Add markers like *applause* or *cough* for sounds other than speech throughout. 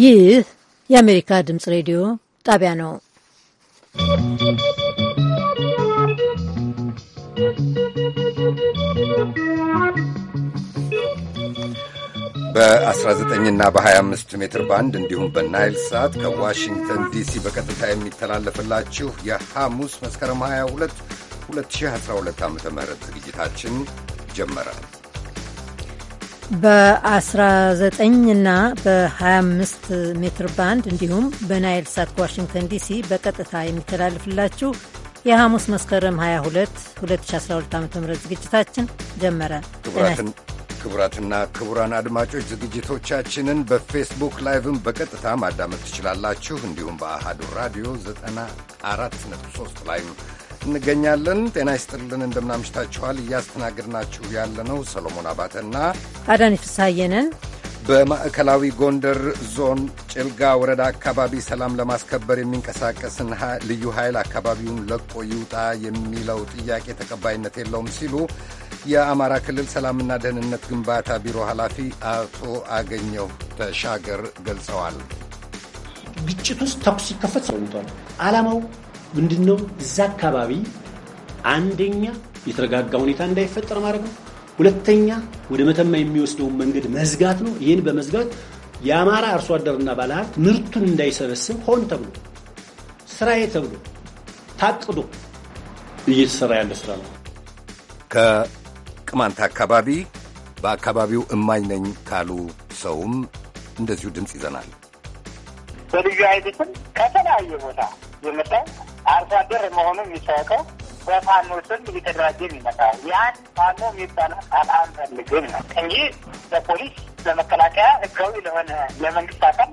ይህ የአሜሪካ ድምፅ ሬዲዮ ጣቢያ ነው። 19 እና በ25 ሜትር ባንድ እንዲሁም በናይል ሳት ከዋሽንግተን ዲሲ በቀጥታ የሚተላለፍላችሁ የሐሙስ መስከረም 22 2012 ዓ ም ዝግጅታችን ጀመረ። በ19 እና በ25 ሜትር ባንድ እንዲሁም በናይል ሳት ዋሽንግተን ዲሲ በቀጥታ የሚተላልፍላችሁ የሐሙስ መስከረም 22 2012 ዓ ም ዝግጅታችን ጀመረ። ክቡራትና ክቡራን አድማጮች ዝግጅቶቻችንን በፌስቡክ ላይቭም በቀጥታ ማዳመጥ ትችላላችሁ። እንዲሁም በአሃዱ ራዲዮ 94.3 ላይም እንገኛለን። ጤና ይስጥልን፣ እንደምናምሽታችኋል። እያስተናገድናችሁ ያለነው ሰሎሞን አባተና አዳኒ ፍሳየነን። በማዕከላዊ ጎንደር ዞን ጭልጋ ወረዳ አካባቢ ሰላም ለማስከበር የሚንቀሳቀስን ልዩ ኃይል አካባቢውን ለቆ ይውጣ የሚለው ጥያቄ ተቀባይነት የለውም ሲሉ የአማራ ክልል ሰላምና ደህንነት ግንባታ ቢሮ ኃላፊ አቶ አገኘው ተሻገር ገልጸዋል። ግጭት ውስጥ ተኩስ ሲከፈት ሰውቷል። ዓላማው ምንድነው እዛ አካባቢ አንደኛ የተረጋጋ ሁኔታ እንዳይፈጠር ማድረግ ነው። ሁለተኛ ወደ መተማ የሚወስደውን መንገድ መዝጋት ነው። ይህን በመዝጋት የአማራ አርሶ አደርና ባለሀብት ምርቱን እንዳይሰበስብ ሆን ተብሎ ስራዬ ተብሎ ታቅዶ እየተሰራ ያለ ስራ ነው። ከቅማንት አካባቢ በአካባቢው እማኝ ነኝ ካሉ ሰውም እንደዚሁ ድምፅ ይዘናል። በልዩ አይነትም ከተለያየ ቦታ የመጣ አርሶ አደር መሆኑ የሚታወቀው በፋኖ ስም እየተደራጀ የሚመጣ ያን ፋኖ የሚባለው አንፈልግም ነው እንጂ በፖሊስ በመከላከያ ህጋዊ ለሆነ ለመንግስት አካል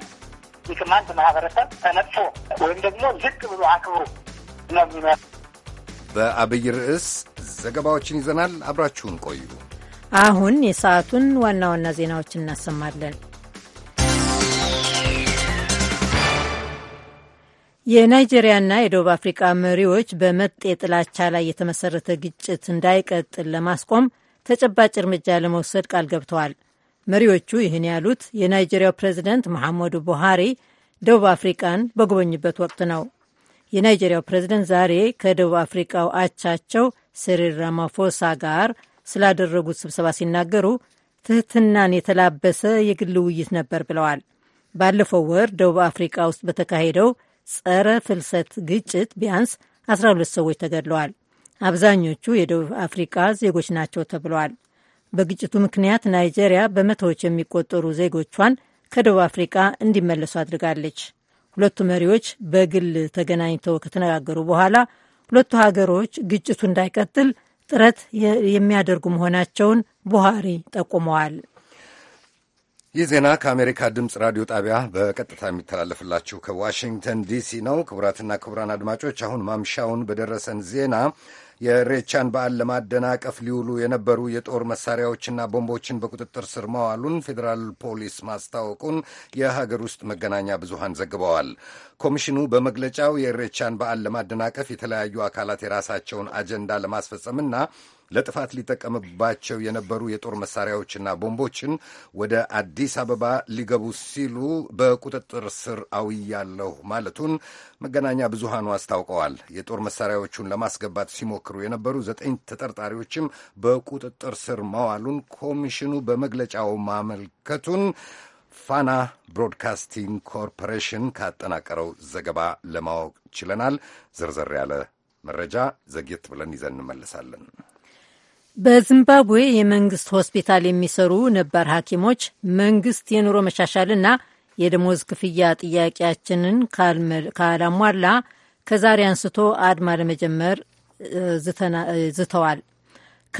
የቅማንት ማህበረሰብ ተነጥፎ ወይም ደግሞ ዝቅ ብሎ አክብሮ ነው የሚመ በአብይ ርዕስ ዘገባዎችን ይዘናል። አብራችሁን ቆዩ። አሁን የሰዓቱን ዋና ዋና ዜናዎች እናሰማለን። የናይጄሪያና የደቡብ አፍሪካ መሪዎች በመጤ ጥላቻ ላይ የተመሰረተ ግጭት እንዳይቀጥል ለማስቆም ተጨባጭ እርምጃ ለመውሰድ ቃል ገብተዋል። መሪዎቹ ይህን ያሉት የናይጄሪያው ፕሬዚደንት መሐመዱ ቡሃሪ ደቡብ አፍሪቃን በጎበኝበት ወቅት ነው። የናይጄሪያው ፕሬዚደንት ዛሬ ከደቡብ አፍሪቃው አቻቸው ሲሪል ራማፎሳ ጋር ስላደረጉት ስብሰባ ሲናገሩ ትህትናን የተላበሰ የግል ውይይት ነበር ብለዋል። ባለፈው ወር ደቡብ አፍሪቃ ውስጥ በተካሄደው ጸረ ፍልሰት ግጭት ቢያንስ 12 ሰዎች ተገድለዋል። አብዛኞቹ የደቡብ አፍሪቃ ዜጎች ናቸው ተብለዋል። በግጭቱ ምክንያት ናይጄሪያ በመቶዎች የሚቆጠሩ ዜጎቿን ከደቡብ አፍሪቃ እንዲመለሱ አድርጋለች። ሁለቱ መሪዎች በግል ተገናኝተው ከተነጋገሩ በኋላ ሁለቱ ሀገሮች ግጭቱ እንዳይቀጥል ጥረት የሚያደርጉ መሆናቸውን ቡሃሪ ጠቁመዋል። ይህ ዜና ከአሜሪካ ድምፅ ራዲዮ ጣቢያ በቀጥታ የሚተላለፍላችሁ ከዋሽንግተን ዲሲ ነው። ክቡራትና ክቡራን አድማጮች አሁን ማምሻውን በደረሰን ዜና የሬቻን በዓል ለማደናቀፍ ሊውሉ የነበሩ የጦር መሳሪያዎችና ቦምቦችን በቁጥጥር ስር መዋሉን ፌዴራል ፖሊስ ማስታወቁን የሀገር ውስጥ መገናኛ ብዙሃን ዘግበዋል። ኮሚሽኑ በመግለጫው የሬቻን በዓል ለማደናቀፍ የተለያዩ አካላት የራሳቸውን አጀንዳ ለማስፈጸምና ለጥፋት ሊጠቀምባቸው የነበሩ የጦር መሳሪያዎችና ቦምቦችን ወደ አዲስ አበባ ሊገቡ ሲሉ በቁጥጥር ስር አውያለሁ ማለቱን መገናኛ ብዙሃኑ አስታውቀዋል። የጦር መሳሪያዎቹን ለማስገባት ሲሞክሩ የነበሩ ዘጠኝ ተጠርጣሪዎችም በቁጥጥር ስር መዋሉን ኮሚሽኑ በመግለጫው ማመልከቱን ፋና ብሮድካስቲንግ ኮርፖሬሽን ካጠናቀረው ዘገባ ለማወቅ ችለናል። ዝርዝር ያለ መረጃ ዘግየት ብለን ይዘን እንመለሳለን። በዚምባብዌ የመንግስት ሆስፒታል የሚሰሩ ነባር ሐኪሞች መንግስት የኑሮ መሻሻልና የደሞዝ ክፍያ ጥያቄያችንን ካላሟላ ከዛሬ አንስቶ አድማ ለመጀመር ዝተዋል።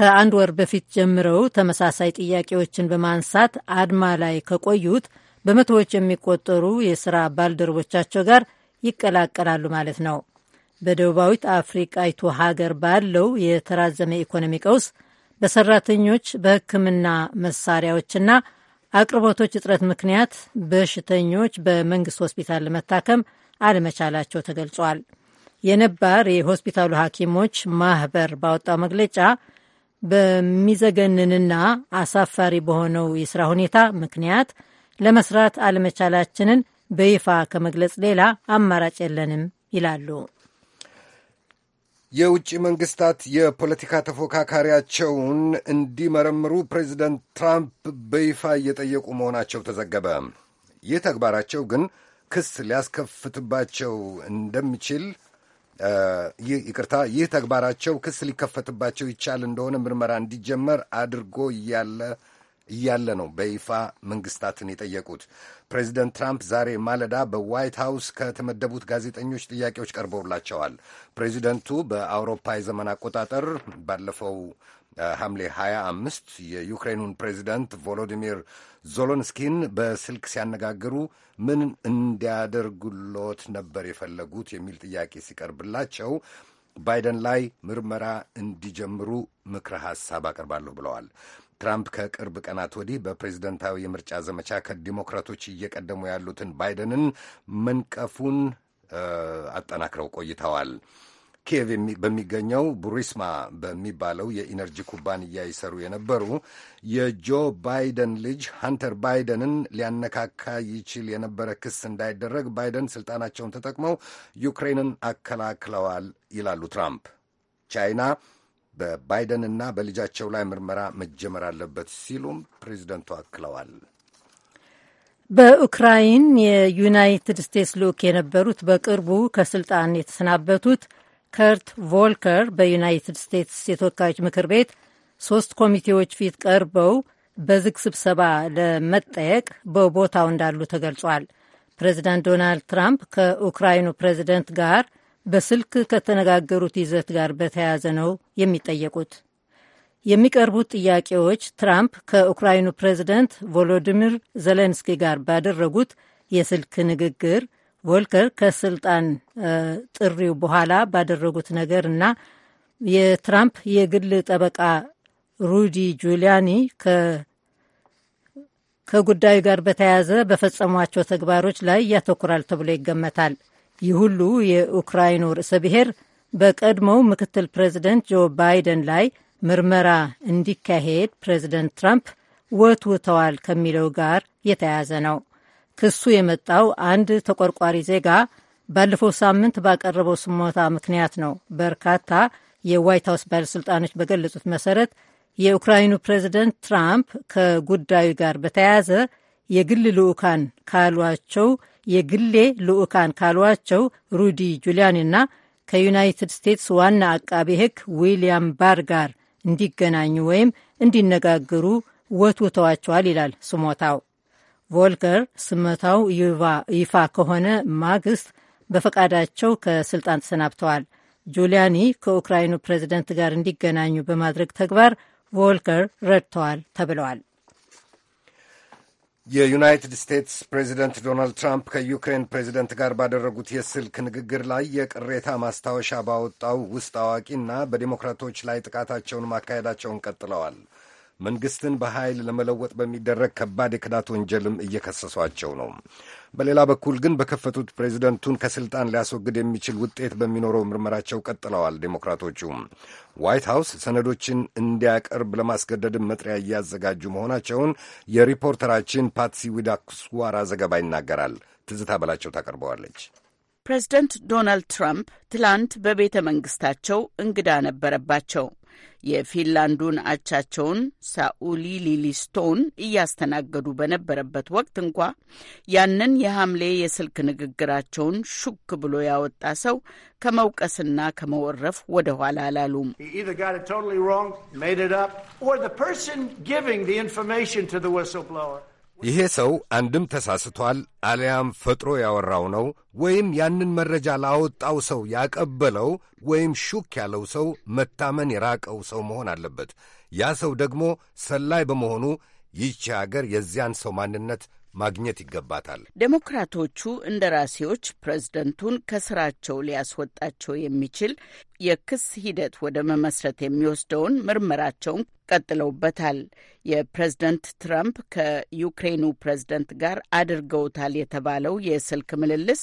ከአንድ ወር በፊት ጀምረው ተመሳሳይ ጥያቄዎችን በማንሳት አድማ ላይ ከቆዩት በመቶዎች የሚቆጠሩ የስራ ባልደረቦቻቸው ጋር ይቀላቀላሉ ማለት ነው። በደቡባዊት አፍሪቃይቱ ሀገር ባለው የተራዘመ ኢኮኖሚ ቀውስ በሰራተኞች በሕክምና መሳሪያዎችና አቅርቦቶች እጥረት ምክንያት በሽተኞች በመንግስት ሆስፒታል ለመታከም አለመቻላቸው ተገልጿል። የነባር የሆስፒታሉ ሐኪሞች ማህበር ባወጣው መግለጫ በሚዘገንንና አሳፋሪ በሆነው የሥራ ሁኔታ ምክንያት ለመስራት አለመቻላችንን በይፋ ከመግለጽ ሌላ አማራጭ የለንም ይላሉ። የውጭ መንግስታት የፖለቲካ ተፎካካሪያቸውን እንዲመረምሩ ፕሬዚደንት ትራምፕ በይፋ እየጠየቁ መሆናቸው ተዘገበ። ይህ ተግባራቸው ግን ክስ ሊያስከፍትባቸው እንደሚችል ይህ ይቅርታ፣ ይህ ተግባራቸው ክስ ሊከፈትባቸው ይቻል እንደሆነ ምርመራ እንዲጀመር አድርጎ እያለ እያለ ነው በይፋ መንግስታትን የጠየቁት። ፕሬዚደንት ትራምፕ ዛሬ ማለዳ በዋይት ሃውስ ከተመደቡት ጋዜጠኞች ጥያቄዎች ቀርበውላቸዋል። ፕሬዚደንቱ በአውሮፓ የዘመን አቆጣጠር ባለፈው ሐምሌ 25 የዩክሬኑን ፕሬዚደንት ቮሎዲሚር ዞሎንስኪን በስልክ ሲያነጋግሩ ምን እንዲያደርጉሎት ነበር የፈለጉት የሚል ጥያቄ ሲቀርብላቸው ባይደን ላይ ምርመራ እንዲጀምሩ ምክረ ሐሳብ አቀርባለሁ ብለዋል። ትራምፕ ከቅርብ ቀናት ወዲህ በፕሬዝደንታዊ የምርጫ ዘመቻ ከዲሞክራቶች እየቀደሙ ያሉትን ባይደንን መንቀፉን አጠናክረው ቆይተዋል። ኪየቭ በሚገኘው ቡሪስማ በሚባለው የኢነርጂ ኩባንያ ይሰሩ የነበሩ የጆ ባይደን ልጅ ሀንተር ባይደንን ሊያነካካ ይችል የነበረ ክስ እንዳይደረግ ባይደን ስልጣናቸውን ተጠቅመው ዩክሬንን አከላክለዋል ይላሉ ትራምፕ ቻይና በባይደንና በልጃቸው ላይ ምርመራ መጀመር አለበት ሲሉም ፕሬዚደንቱ አክለዋል። በኡክራይን የዩናይትድ ስቴትስ ልዑክ የነበሩት በቅርቡ ከስልጣን የተሰናበቱት ከርት ቮልከር በዩናይትድ ስቴትስ የተወካዮች ምክር ቤት ሶስት ኮሚቴዎች ፊት ቀርበው በዝግ ስብሰባ ለመጠየቅ በቦታው እንዳሉ ተገልጿል። ፕሬዚዳንት ዶናልድ ትራምፕ ከኡክራይኑ ፕሬዚደንት ጋር በስልክ ከተነጋገሩት ይዘት ጋር በተያያዘ ነው የሚጠየቁት። የሚቀርቡት ጥያቄዎች ትራምፕ ከኡክራይኑ ፕሬዚደንት ቮሎዲሚር ዘሌንስኪ ጋር ባደረጉት የስልክ ንግግር፣ ወልከር ከስልጣን ጥሪው በኋላ ባደረጉት ነገር እና የትራምፕ የግል ጠበቃ ሩዲ ጁሊያኒ ከጉዳዩ ጋር በተያያዘ በፈጸሟቸው ተግባሮች ላይ ያተኩራል ተብሎ ይገመታል። ይህ ሁሉ የኡክራይኑ ርዕሰ ብሔር በቀድሞው ምክትል ፕሬዚደንት ጆ ባይደን ላይ ምርመራ እንዲካሄድ ፕሬዚደንት ትራምፕ ወትውተዋል ከሚለው ጋር የተያያዘ ነው። ክሱ የመጣው አንድ ተቆርቋሪ ዜጋ ባለፈው ሳምንት ባቀረበው ስሞታ ምክንያት ነው። በርካታ የዋይት ሀውስ ባለሥልጣኖች በገለጹት መሰረት የኡክራይኑ ፕሬዚደንት ትራምፕ ከጉዳዩ ጋር በተያያዘ የግል ልዑካን ካሏቸው የግሌ ልዑካን ካሏቸው ሩዲ ጁሊያንና ከዩናይትድ ስቴትስ ዋና አቃቤ ሕግ ዊልያም ባር ጋር እንዲገናኙ ወይም እንዲነጋገሩ ወትውተዋቸዋል ይላል ስሞታው። ቮልከር ስመታው ይፋ ከሆነ ማግስት በፈቃዳቸው ከስልጣን ተሰናብተዋል። ጁሊያኒ ከኡክራይኑ ፕሬዚደንት ጋር እንዲገናኙ በማድረግ ተግባር ቮልከር ረድተዋል ተብለዋል። የዩናይትድ ስቴትስ ፕሬዚደንት ዶናልድ ትራምፕ ከዩክሬን ፕሬዚደንት ጋር ባደረጉት የስልክ ንግግር ላይ የቅሬታ ማስታወሻ ባወጣው ውስጥ አዋቂና በዲሞክራቶች ላይ ጥቃታቸውን ማካሄዳቸውን ቀጥለዋል። መንግስትን በኃይል ለመለወጥ በሚደረግ ከባድ የክዳት ወንጀልም እየከሰሷቸው ነው። በሌላ በኩል ግን በከፈቱት ፕሬዚደንቱን ከስልጣን ሊያስወግድ የሚችል ውጤት በሚኖረው ምርመራቸው ቀጥለዋል። ዴሞክራቶቹ ዋይት ሀውስ ሰነዶችን እንዲያቀርብ ለማስገደድም መጥሪያ እያዘጋጁ መሆናቸውን የሪፖርተራችን ፓትሲ ዊዳክስዋራ ዘገባ ይናገራል። ትዝታ በላቸው ታቀርበዋለች። ፕሬዚደንት ዶናልድ ትራምፕ ትላንት በቤተ መንግስታቸው እንግዳ ነበረባቸው። የፊንላንዱን አቻቸውን ሳኡሊ ሊሊስቶን እያስተናገዱ በነበረበት ወቅት እንኳ ያንን የሐምሌ የስልክ ንግግራቸውን ሹክ ብሎ ያወጣ ሰው ከመውቀስና ከመወረፍ ወደ ኋላ አላሉም። ይሄ ሰው አንድም ተሳስቷል አሊያም ፈጥሮ ያወራው ነው ወይም ያንን መረጃ ላወጣው ሰው ያቀበለው ወይም ሹክ ያለው ሰው መታመን የራቀው ሰው መሆን አለበት። ያ ሰው ደግሞ ሰላይ በመሆኑ ይቺ አገር የዚያን ሰው ማንነት ማግኘት ይገባታል። ዴሞክራቶቹ እንደራሴዎች ፕሬዝደንቱን ከስራቸው ሊያስወጣቸው የሚችል የክስ ሂደት ወደ መመስረት የሚወስደውን ምርመራቸውን ቀጥለውበታል። የፕሬዝደንት ትራምፕ ከዩክሬኑ ፕሬዝደንት ጋር አድርገውታል የተባለው የስልክ ምልልስ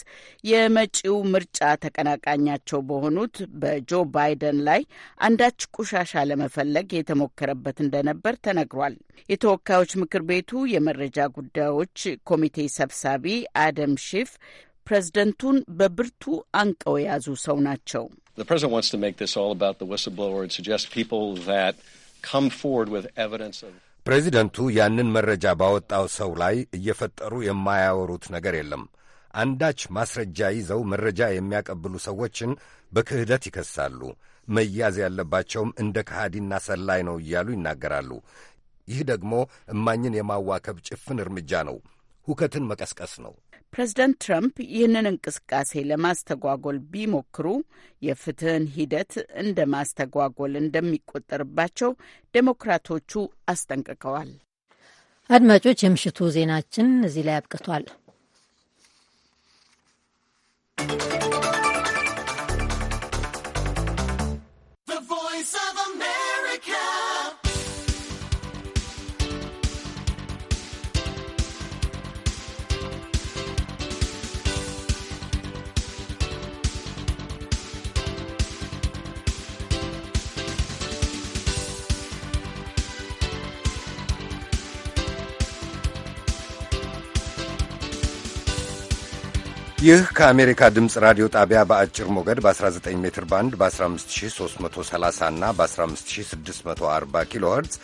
የመጪው ምርጫ ተቀናቃኛቸው በሆኑት በጆ ባይደን ላይ አንዳች ቁሻሻ ለመፈለግ የተሞከረበት እንደነበር ተነግሯል። የተወካዮች ምክር ቤቱ የመረጃ ጉዳዮች ኮሚቴ ሰብሳቢ አደም ሺፍ ፕሬዝደንቱን በብርቱ አንቀው የያዙ ሰው ናቸው። ፕሬዝደንት ፕሬዚደንቱ ያንን መረጃ ባወጣው ሰው ላይ እየፈጠሩ የማያወሩት ነገር የለም። አንዳች ማስረጃ ይዘው መረጃ የሚያቀብሉ ሰዎችን በክህደት ይከሳሉ። መያዝ ያለባቸውም እንደ ከሃዲና ሰላይ ነው እያሉ ይናገራሉ። ይህ ደግሞ እማኝን የማዋከብ ጭፍን እርምጃ ነው፣ ሁከትን መቀስቀስ ነው። ፕሬዝደንት ትራምፕ ይህንን እንቅስቃሴ ለማስተጓጎል ቢሞክሩ የፍትህን ሂደት እንደ ማስተጓጎል እንደሚቆጠርባቸው ዴሞክራቶቹ አስጠንቅቀዋል። አድማጮች፣ የምሽቱ ዜናችን እዚህ ላይ አብቅቷል። ይህ ከአሜሪካ ድምፅ ራዲዮ ጣቢያ በአጭር ሞገድ በ19 ሜትር ባንድ በ15330 እና በ15640 ኪሎ ኸርትዝ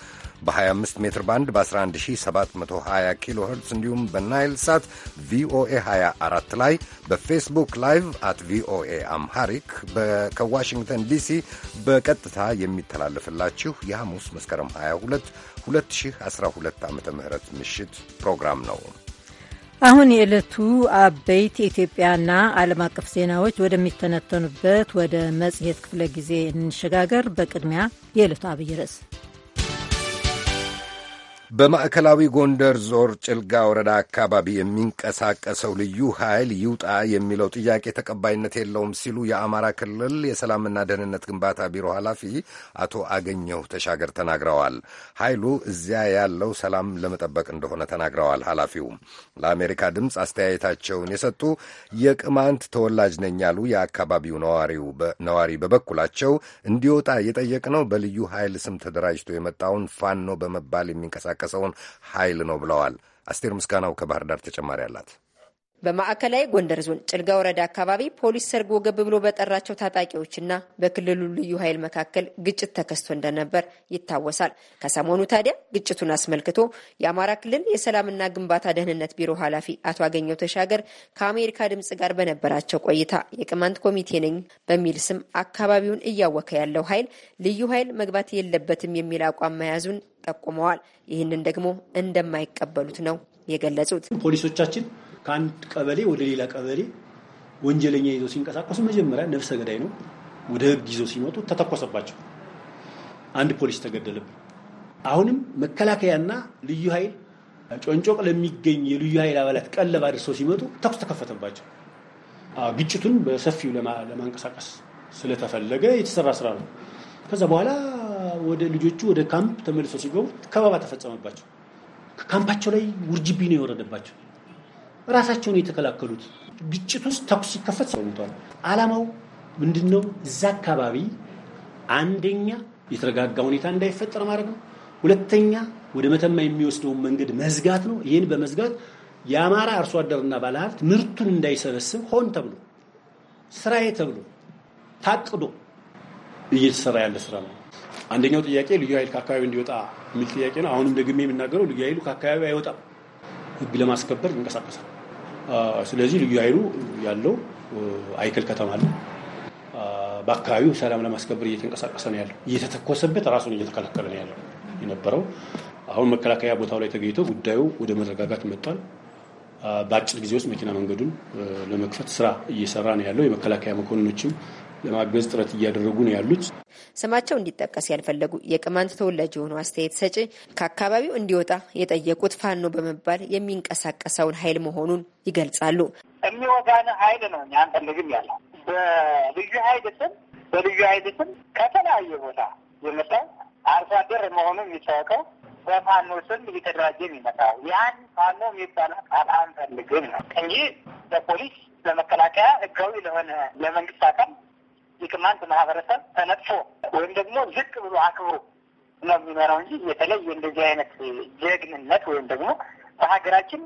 በ25 ሜትር ባንድ በ11720 ኪሎ ኸርትዝ እንዲሁም በናይል ሳት ቪኦኤ 24 ላይ በፌስቡክ ላይቭ አት ቪኦኤ አምሃሪክ ከዋሽንግተን ዲሲ በቀጥታ የሚተላለፍላችሁ የሐሙስ መስከረም 22 2012 ዓ ም ምሽት ፕሮግራም ነው። አሁን የዕለቱ አበይት የኢትዮጵያና ዓለም አቀፍ ዜናዎች ወደሚተነተኑበት ወደ መጽሔት ክፍለ ጊዜ እንሸጋገር። በቅድሚያ የዕለቱ አብይ ርዕስ በማዕከላዊ ጎንደር ዞር ጭልጋ ወረዳ አካባቢ የሚንቀሳቀሰው ልዩ ኃይል ይውጣ የሚለው ጥያቄ ተቀባይነት የለውም ሲሉ የአማራ ክልል የሰላምና ደህንነት ግንባታ ቢሮ ኃላፊ አቶ አገኘሁ ተሻገር ተናግረዋል። ኃይሉ እዚያ ያለው ሰላም ለመጠበቅ እንደሆነ ተናግረዋል። ኃላፊው ለአሜሪካ ድምፅ አስተያየታቸውን የሰጡ የቅማንት ተወላጅ ነኝ ያሉ የአካባቢው ነዋሪ በበኩላቸው እንዲወጣ የጠየቅነው በልዩ ኃይል ስም ተደራጅቶ የመጣውን ፋኖ በመባል የሚንቀሳቀስ የሚንቀሳቀሰውን ኃይል ነው ብለዋል። አስቴር ምስጋናው ከባህር ዳር ተጨማሪ አላት። በማዕከላዊ ጎንደር ዞን ጭልጋ ወረዳ አካባቢ ፖሊስ ሰርጎ ገብ ብሎ በጠራቸው ታጣቂዎችና በክልሉ ልዩ ኃይል መካከል ግጭት ተከስቶ እንደነበር ይታወሳል። ከሰሞኑ ታዲያ ግጭቱን አስመልክቶ የአማራ ክልል የሰላምና ግንባታ ደህንነት ቢሮ ኃላፊ አቶ አገኘው ተሻገር ከአሜሪካ ድምጽ ጋር በነበራቸው ቆይታ የቅማንት ኮሚቴ ነኝ በሚል ስም አካባቢውን እያወከ ያለው ኃይል ልዩ ኃይል መግባት የለበትም የሚል አቋም መያዙን ጠቁመዋል። ይህንን ደግሞ እንደማይቀበሉት ነው የገለጹት። ፖሊሶቻችን ከአንድ ቀበሌ ወደ ሌላ ቀበሌ ወንጀለኛ ይዘው ሲንቀሳቀሱ መጀመሪያ ነፍሰ ገዳይ ነው ወደ ህግ ይዘው ሲመጡ ተተኮሰባቸው። አንድ ፖሊስ ተገደለብን። አሁንም መከላከያና ልዩ ኃይል ጮንጮቅ ለሚገኝ የልዩ ኃይል አባላት ቀለብ አድርሰው ሲመጡ ተኩስ ተከፈተባቸው። ግጭቱን በሰፊው ለማንቀሳቀስ ስለተፈለገ የተሰራ ስራ ነው። ከዛ በኋላ ወደ ልጆቹ ወደ ካምፕ ተመልሰው ሲገቡ ከበባ ተፈጸመባቸው። ከካምፓቸው ላይ ውርጅብኝ ነው የወረደባቸው። ራሳቸውን የተከላከሉት። ግጭት ውስጥ ተኩስ ሲከፈት ሰው አላማው ምንድን ነው? እዛ አካባቢ አንደኛ የተረጋጋ ሁኔታ እንዳይፈጠር ማድረግ ነው። ሁለተኛ ወደ መተማ የሚወስደውን መንገድ መዝጋት ነው። ይህን በመዝጋት የአማራ አርሶ አደርና ባለሀብት ምርቱን እንዳይሰበስብ ሆን ተብሎ ስራዬ ተብሎ ታቅዶ እየተሰራ ያለ ስራ ነው። አንደኛው ጥያቄ ልዩ ኃይል ከአካባቢ እንዲወጣ የሚል ጥያቄ ነው። አሁንም ደግሜ የምናገረው ልዩ ኃይሉ ከአካባቢ አይወጣም። ህግ ለማስከበር ይንቀሳቀሳል። ስለዚህ ልዩ ኃይሉ ያለው አይክል ከተማ ነው። በአካባቢው ሰላም ለማስከበር እየተንቀሳቀሰ ነው ያለው። እየተተኮሰበት ራሱን እየተከላከለ ነው ያለው የነበረው። አሁን መከላከያ ቦታው ላይ ተገኝቶ ጉዳዩ ወደ መረጋጋት መጥቷል። በአጭር ጊዜ ውስጥ መኪና መንገዱን ለመክፈት ስራ እየሰራ ነው ያለው። የመከላከያ መኮንኖችም ለማገዝ ጥረት እያደረጉ ነው ያሉት። ስማቸው እንዲጠቀስ ያልፈለጉ የቅማንት ተወላጅ የሆኑ አስተያየት ሰጪ ከአካባቢው እንዲወጣ የጠየቁት ፋኖ በመባል የሚንቀሳቀሰውን ኃይል መሆኑን ይገልጻሉ። የሚወጋን ኃይል ነው እኛ አንፈልግም ያለ በልዩ ኃይል ስም በልዩ ኃይል ስም ከተለያየ ቦታ የመጣ አርሶ አደር መሆኑ የሚታወቀው በፋኖ ስም እየተደራጀ የሚመጣው ያን ፋኖ የሚባል ቃል አንፈልግም ነው እንጂ በፖሊስ ለመከላከያ ህጋዊ ለሆነ ለመንግስት አካል የቅማንት ማህበረሰብ ተነጥፎ ወይም ደግሞ ዝቅ ብሎ አክብሮ ነው የሚመራው እንጂ የተለየ እንደዚህ አይነት ጀግንነት ወይም ደግሞ በሀገራችን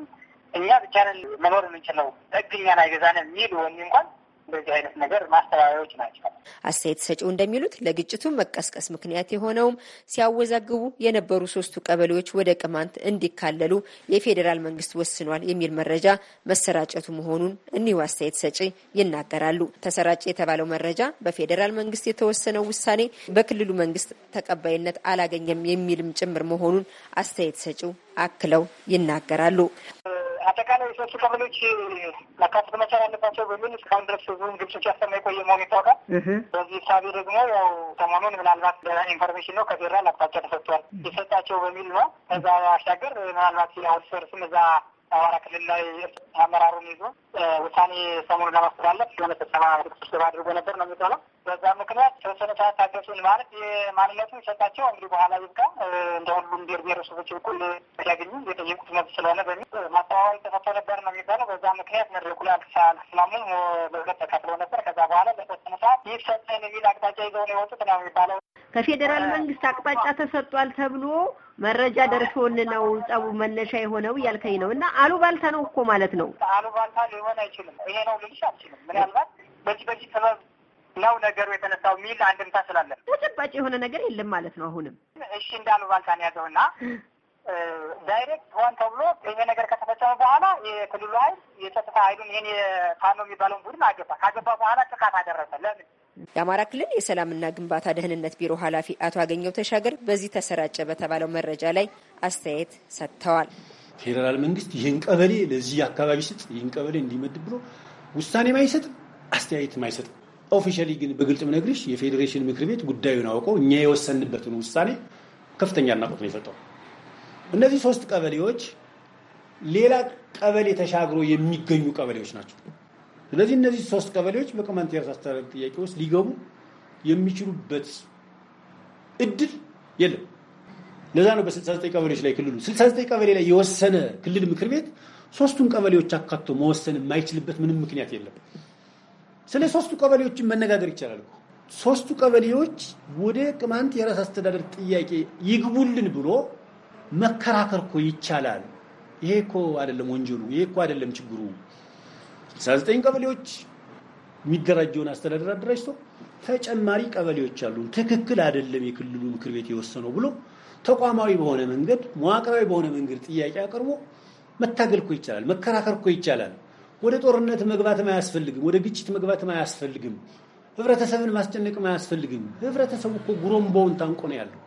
እኛ ብቻ ነን መኖር የምንችለው ጥግ እኛን አይገዛንም የሚል ወኒ እንኳን እንደዚህ አይነት ነገር ማስተባበያዎች ናቸው። አስተያየት ሰጪው እንደሚሉት ለግጭቱ መቀስቀስ ምክንያት የሆነውም ሲያወዛግቡ የነበሩ ሶስቱ ቀበሌዎች ወደ ቅማንት እንዲካለሉ የፌዴራል መንግስት ወስኗል የሚል መረጃ መሰራጨቱ መሆኑን እኒሁ አስተያየት ሰጪ ይናገራሉ። ተሰራጭ የተባለው መረጃ በፌዴራል መንግስት የተወሰነው ውሳኔ በክልሉ መንግስት ተቀባይነት አላገኘም የሚልም ጭምር መሆኑን አስተያየት ሰጪው አክለው ይናገራሉ። አጠቃላይ የሶስቱ ክፍሎች መካተት መቻል አለባቸው በሚል እስካሁን ድረስ ብዙም ግጭት ሲያሰማ የቆየ መሆኑ ይታወቃል። በዚህ ሳቢ ደግሞ ያው ሰሞኑን ምናልባት ኢንፎርሜሽን ነው ከፌደራል አቅጣጫ ተሰጥቷል ይሰጣቸው በሚል ነው። ከዛ አሻገር ምናልባት የአውትሰርሱም እዛ አማራ ክልል ላይ አመራሩን ይዞ ውሳኔ ሰሞኑን ለማስተላለፍ የሆነ ስብሰባ ስብሰባ አድርጎ ነበር ነው የሚባለው። በዛ ምክንያት ተወሰነ ሰዓት ታገሱን ማለት የማንነቱ ይሰጣቸው እንግዲህ በኋላ ይብቃ እንደ ሁሉም ብሔር ብሔረሰቦች እኩል ያገኙ የጠየቁት መብት ስለሆነ በሚል ማስተባበል ተሰጥቶ ነበር ነው የሚባለው። በዛ ምክንያት መድረኩ ላይ አልተስማሙም፣ በሁለት ተካፍሎ ነበር። ከዛ በኋላ ለተወሰነ ሰዓት ይሰጠን የሚል አቅጣጫ ይዘው ነው የወጡት ነው የሚባለው። ከፌዴራል መንግስት አቅጣጫ ተሰጧል ተብሎ መረጃ ደርሶን ነው ጸቡ መነሻ የሆነው እያልከኝ ነው። እና አሉባልታ ነው እኮ ማለት ነው። አሉባልታ ሊሆን አይችልም። ይሄ ነው ልልሽ አልችልም። ምናልባት በዚህ በዚህ ሰበብ ነው ነገሩ የተነሳው የሚል አንድምታ ስላለን ተጨባጭ የሆነ ነገር የለም ማለት ነው። አሁንም እሺ እንደ አሉባልታን ያዘውና ዳይሬክት ሆን ተብሎ ይሄ ነገር ከተፈጸመ በኋላ የክልሉ ኃይል የጸጥታ ኃይሉን ይሄን የፋኖ የሚባለውን ቡድን አገባ። ካገባ በኋላ ጥቃት አደረሰ። ለምን የአማራ ክልል የሰላምና ግንባታ ደህንነት ቢሮ ኃላፊ አቶ አገኘው ተሻገር በዚህ ተሰራጨ በተባለው መረጃ ላይ አስተያየት ሰጥተዋል። ፌዴራል መንግስት ይህን ቀበሌ ለዚህ አካባቢ ስጥ፣ ይህን ቀበሌ እንዲመድብ ብሎ ውሳኔ ማይሰጥ አስተያየት ማይሰጥ ኦፊሻሊ ግን በግልጽ ምነግርሽ የፌዴሬሽን ምክር ቤት ጉዳዩን አውቀው እኛ የወሰንበትን ውሳኔ ከፍተኛ አድናቆት ነው የሰጠው። እነዚህ ሶስት ቀበሌዎች ሌላ ቀበሌ ተሻግሮ የሚገኙ ቀበሌዎች ናቸው። ስለዚህ እነዚህ ሶስት ቀበሌዎች በቅማንት የራስ አስተዳደር ጥያቄ ውስጥ ሊገቡ የሚችሉበት እድል የለም። ለዛ ነው በ69 ቀበሌዎች ላይ ክልሉ 69 ቀበሌ ላይ የወሰነ ክልል ምክር ቤት ሶስቱን ቀበሌዎች አካቶ መወሰን የማይችልበት ምንም ምክንያት የለም። ስለ ሶስቱ ቀበሌዎችን መነጋገር ይቻላል። ሶስቱ ቀበሌዎች ወደ ቅማንት የራስ አስተዳደር ጥያቄ ይግቡልን ብሎ መከራከር እኮ ይቻላል። ይሄ እኮ አይደለም ወንጀሉ፣ ይሄ እኮ አይደለም ችግሩ 69 ቀበሌዎች የሚደራጀውን አስተዳደር አደራጅቶ ተጨማሪ ቀበሌዎች አሉ። ትክክል አይደለም የክልሉ ምክር ቤት የወሰነው ብሎ ተቋማዊ በሆነ መንገድ መዋቅራዊ በሆነ መንገድ ጥያቄ አቅርቦ መታገል እኮ ይቻላል፣ መከራከር እኮ ይቻላል። ወደ ጦርነት መግባትም አያስፈልግም፣ ወደ ግጭት መግባትም አያስፈልግም፣ ህብረተሰብን ማስጨነቅም አያስፈልግም። ህብረተሰቡ እኮ ጉሮምቦውን ታንቆ ነው ያለው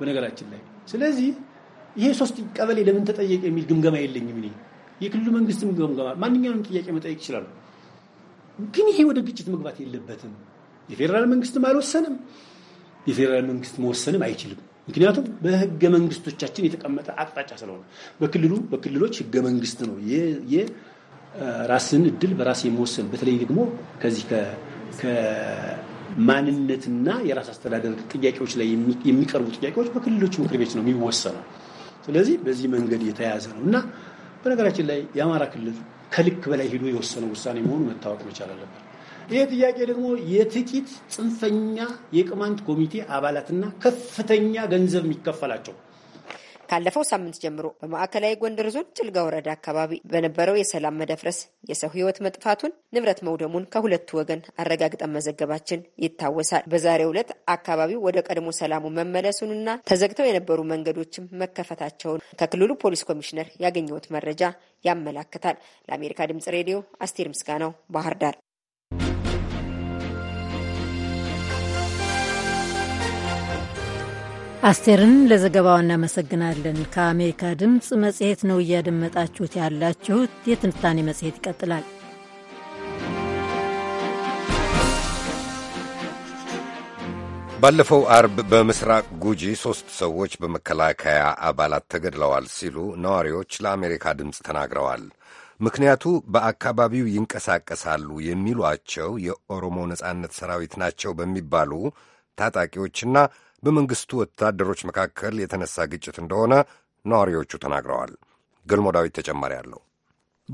በነገራችን ላይ። ስለዚህ ይሄ ሶስት ቀበሌ ለምን ተጠየቀ የሚል ግምገማ የለኝም እኔ የክልሉ መንግስትም ገምገማል። ማንኛውንም ጥያቄ መጠየቅ ይችላሉ። ግን ይሄ ወደ ግጭት መግባት የለበትም። የፌዴራል መንግስትም አልወሰንም፣ የፌዴራል መንግስት መወሰንም አይችልም። ምክንያቱም በህገ መንግስቶቻችን የተቀመጠ አቅጣጫ ስለሆነ በክልሉ በክልሎች ህገ መንግስት ነው የራስን እድል በራስ የመወሰን በተለይ ደግሞ ከዚህ ከማንነትና የራስ አስተዳደር ጥያቄዎች ላይ የሚቀርቡ ጥያቄዎች በክልሎች ምክር ቤት ነው የሚወሰነው። ስለዚህ በዚህ መንገድ የተያዘ ነው እና በነገራችን ላይ የአማራ ክልል ከልክ በላይ ሄዶ የወሰነው ውሳኔ መሆኑ መታወቅ መቻል አለበት። ይህ ጥያቄ ደግሞ የጥቂት ጽንፈኛ የቅማንት ኮሚቴ አባላትና ከፍተኛ ገንዘብ የሚከፈላቸው ካለፈው ሳምንት ጀምሮ በማዕከላዊ ጎንደር ዞን ጭልጋ ወረዳ አካባቢ በነበረው የሰላም መደፍረስ የሰው ህይወት መጥፋቱን፣ ንብረት መውደሙን ከሁለቱ ወገን አረጋግጠን መዘገባችን ይታወሳል። በዛሬው ዕለት አካባቢው ወደ ቀድሞ ሰላሙ መመለሱንና ተዘግተው የነበሩ መንገዶችም መከፈታቸውን ከክልሉ ፖሊስ ኮሚሽነር ያገኘሁት መረጃ ያመላክታል። ለአሜሪካ ድምጽ ሬዲዮ አስቴር ምስጋናው ባህር ዳር። አስቴርን ለዘገባው እናመሰግናለን። ከአሜሪካ ድምፅ መጽሔት ነው እያደመጣችሁት ያላችሁት። የትንታኔ መጽሔት ይቀጥላል። ባለፈው አርብ በምስራቅ ጉጂ ሦስት ሰዎች በመከላከያ አባላት ተገድለዋል ሲሉ ነዋሪዎች ለአሜሪካ ድምፅ ተናግረዋል። ምክንያቱ በአካባቢው ይንቀሳቀሳሉ የሚሏቸው የኦሮሞ ነጻነት ሰራዊት ናቸው በሚባሉ ታጣቂዎችና በመንግሥቱ ወታደሮች መካከል የተነሳ ግጭት እንደሆነ ነዋሪዎቹ ተናግረዋል። ገልሞ ዳዊት ተጨማሪ አለው።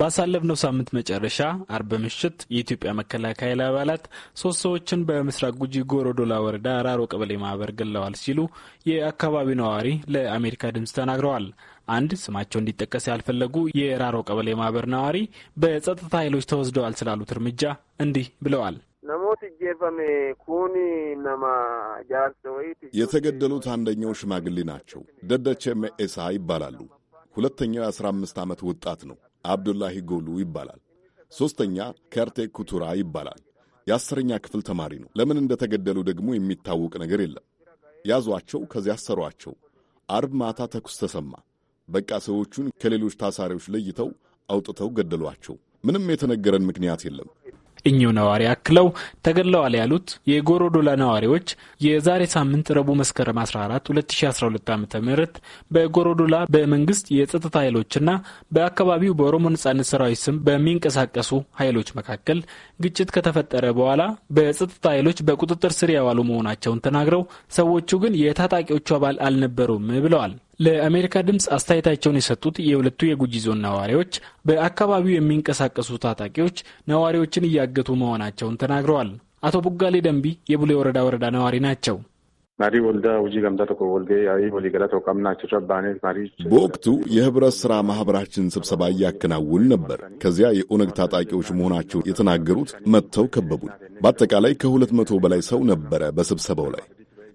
ባሳለፍነው ሳምንት መጨረሻ አርብ ምሽት የኢትዮጵያ መከላከያ ኃይል አባላት ሶስት ሰዎችን በምስራቅ ጉጂ ጎሮዶላ ወረዳ ራሮ ቀበሌ ማህበር ገለዋል ሲሉ የአካባቢው ነዋሪ ለአሜሪካ ድምፅ ተናግረዋል። አንድ ስማቸው እንዲጠቀስ ያልፈለጉ የራሮ ቀበሌ ማህበር ነዋሪ በጸጥታ ኃይሎች ተወስደዋል ስላሉት እርምጃ እንዲህ ብለዋል። የተገደሉት አንደኛው ሽማግሌ ናቸው። ደደቼ መኤሳ ይባላሉ። ሁለተኛው የአስራ አምስት ዓመት ወጣት ነው። አብዱላሂ ጎሉ ይባላል። ሦስተኛ ከርቴ ኩቱራ ይባላል። የአስረኛ ክፍል ተማሪ ነው። ለምን እንደተገደሉ ደግሞ የሚታወቅ ነገር የለም። ያዟቸው፣ ከዚያ አሰሯቸው። አርብ ማታ ተኩስ ተሰማ። በቃ ሰዎቹን ከሌሎች ታሳሪዎች ለይተው አውጥተው ገደሏቸው። ምንም የተነገረን ምክንያት የለም። እኚው ነዋሪ አክለው ተገለዋል ያሉት የጎሮዶላ ነዋሪዎች የዛሬ ሳምንት ረቡዕ መስከረም 14 2012 ዓ ም በጎሮዶላ በመንግስት የጸጥታ ኃይሎችና በአካባቢው በኦሮሞ ነጻነት ሰራዊት ስም በሚንቀሳቀሱ ኃይሎች መካከል ግጭት ከተፈጠረ በኋላ በጸጥታ ኃይሎች በቁጥጥር ስር ያዋሉ መሆናቸውን ተናግረው ሰዎቹ ግን የታጣቂዎቹ አባል አልነበሩም ብለዋል። ለአሜሪካ ድምፅ አስተያየታቸውን የሰጡት የሁለቱ የጉጂ ዞን ነዋሪዎች በአካባቢው የሚንቀሳቀሱ ታጣቂዎች ነዋሪዎችን እያገቱ መሆናቸውን ተናግረዋል። አቶ ቡጋሌ ደንቢ የቡሌ ወረዳ ወረዳ ነዋሪ ናቸው። በወቅቱ የህብረት ስራ ማህበራችን ስብሰባ እያከናውን ነበር። ከዚያ የኦነግ ታጣቂዎች መሆናቸውን የተናገሩት መጥተው ከበቡን። በአጠቃላይ ከሁለት መቶ በላይ ሰው ነበረ በስብሰባው ላይ።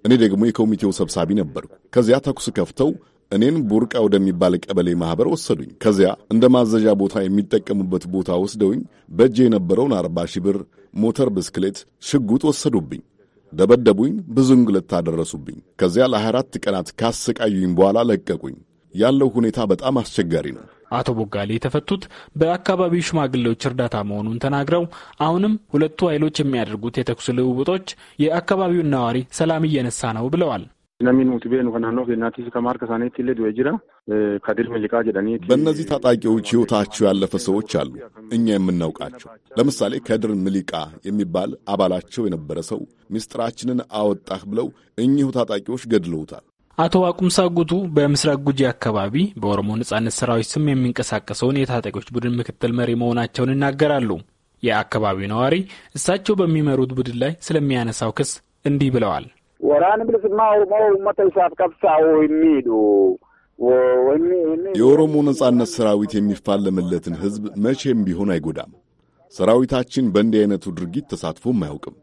እኔ ደግሞ የኮሚቴው ሰብሳቢ ነበርኩ። ከዚያ ተኩስ ከፍተው እኔን ቡርቃ ወደሚባል ቀበሌ ማህበር ወሰዱኝ። ከዚያ እንደ ማዘዣ ቦታ የሚጠቀሙበት ቦታ ወስደውኝ በእጄ የነበረውን አርባ ሺህ ብር፣ ሞተር ብስክሌት፣ ሽጉጥ ወሰዱብኝ። ደበደቡኝ፣ ብዙ እንግልት አደረሱብኝ። ከዚያ ለ24 ቀናት ካሰቃዩኝ በኋላ ለቀቁኝ። ያለው ሁኔታ በጣም አስቸጋሪ ነው። አቶ ቦጋሌ የተፈቱት በአካባቢው ሽማግሌዎች እርዳታ መሆኑን ተናግረው አሁንም ሁለቱ ኃይሎች የሚያደርጉት የተኩስ ልውውጦች የአካባቢውን ነዋሪ ሰላም እየነሳ ነው ብለዋል። Namni nuti beenu naannoo keenyattis kan harka isaaniitti illee du'e jira. ከድር መልቃ ጀዳኒት በእነዚህ ታጣቂዎች ህይወታቸው ያለፈ ሰዎች አሉ፣ እኛ የምናውቃቸው። ለምሳሌ ከድር ምሊቃ የሚባል አባላቸው የነበረ ሰው ሚስጥራችንን አወጣህ ብለው እኚሁ ታጣቂዎች ገድለውታል። አቶ ዋቁምሳ ጉቱ በምስራቅ ጉጂ አካባቢ በኦሮሞ ነጻነት ሰራዊት ስም የሚንቀሳቀሰውን የታጣቂዎች ቡድን ምክትል መሪ መሆናቸውን ይናገራሉ። የአካባቢው ነዋሪ እሳቸው በሚመሩት ቡድን ላይ ስለሚያነሳው ክስ እንዲህ ብለዋል። ወራን ብልስማ ኦሮሞ ሂሳብ ቀብሳው የሚሄዱ የኦሮሞ ነጻነት ሰራዊት የሚፋለምለትን ህዝብ መቼም ቢሆን አይጎዳም። ሰራዊታችን በእንዲህ አይነቱ ድርጊት ተሳትፎም አያውቅም።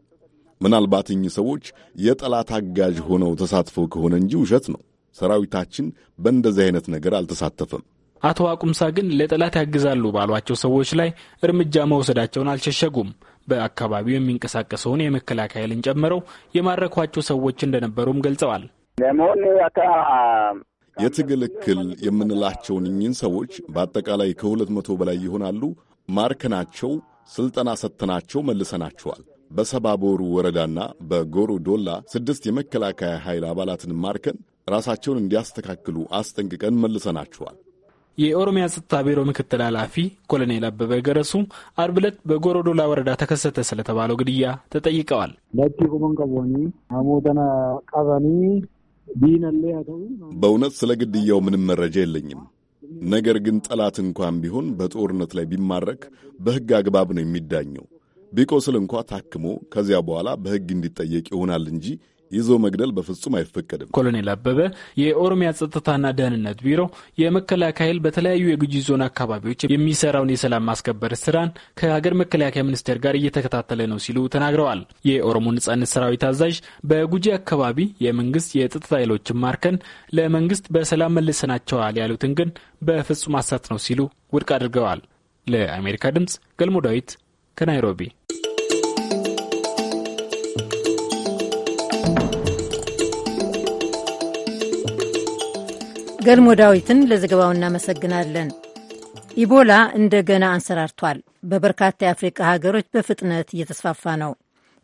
ምናልባት እኚህ ሰዎች የጠላት አጋዥ ሆነው ተሳትፎ ከሆነ እንጂ ውሸት ነው። ሰራዊታችን በእንደዚህ አይነት ነገር አልተሳተፈም። አቶ አቁምሳ ግን ለጠላት ያግዛሉ ባሏቸው ሰዎች ላይ እርምጃ መውሰዳቸውን አልሸሸጉም። በአካባቢው የሚንቀሳቀሰውን የመከላከያ ኃይልን ጨምረው የማረኳቸው ሰዎች እንደነበሩም ገልጸዋል። የትግል እክል የምንላቸውን እኚህን ሰዎች በአጠቃላይ ከሁለት መቶ በላይ ይሆናሉ። ማርከናቸው፣ ስልጠና ሰጥተናቸው መልሰናቸዋል። በሰባቦሩ ወረዳና በጎሮ ዶላ ስድስት የመከላከያ ኃይል አባላትን ማርከን ራሳቸውን እንዲያስተካክሉ አስጠንቅቀን መልሰናቸዋል። የኦሮሚያ ጸጥታ ቢሮ ምክትል ኃላፊ ኮሎኔል አበበ ገረሱ አርብ ዕለት በጎሮዶላ ወረዳ ተከሰተ ስለተባለው ግድያ ተጠይቀዋል። በእውነት ስለ ግድያው ምንም መረጃ የለኝም። ነገር ግን ጠላት እንኳን ቢሆን በጦርነት ላይ ቢማረክ በሕግ አግባብ ነው የሚዳኘው። ቢቆስል እንኳ ታክሞ ከዚያ በኋላ በሕግ እንዲጠየቅ ይሆናል እንጂ ይዞ መግደል በፍጹም አይፈቀድም። ኮሎኔል አበበ የኦሮሚያ ጸጥታና ደህንነት ቢሮ የመከላከያ ኃይል በተለያዩ የጉጂ ዞን አካባቢዎች የሚሰራውን የሰላም ማስከበር ስራን ከሀገር መከላከያ ሚኒስቴር ጋር እየተከታተለ ነው ሲሉ ተናግረዋል። የኦሮሞ ነጻነት ሰራዊት አዛዥ በጉጂ አካባቢ የመንግስት የጸጥታ ኃይሎችን ማርከን ለመንግስት በሰላም መልሰናቸዋል ያሉትን ግን በፍጹም አሳት ነው ሲሉ ውድቅ አድርገዋል። ለአሜሪካ ድምጽ ገልሞ ዳዊት ከናይሮቢ ገልሞ ዳዊትን ለዘገባው እናመሰግናለን። ኢቦላ እንደገና አንሰራርቷል። በበርካታ የአፍሪቃ ሀገሮች በፍጥነት እየተስፋፋ ነው።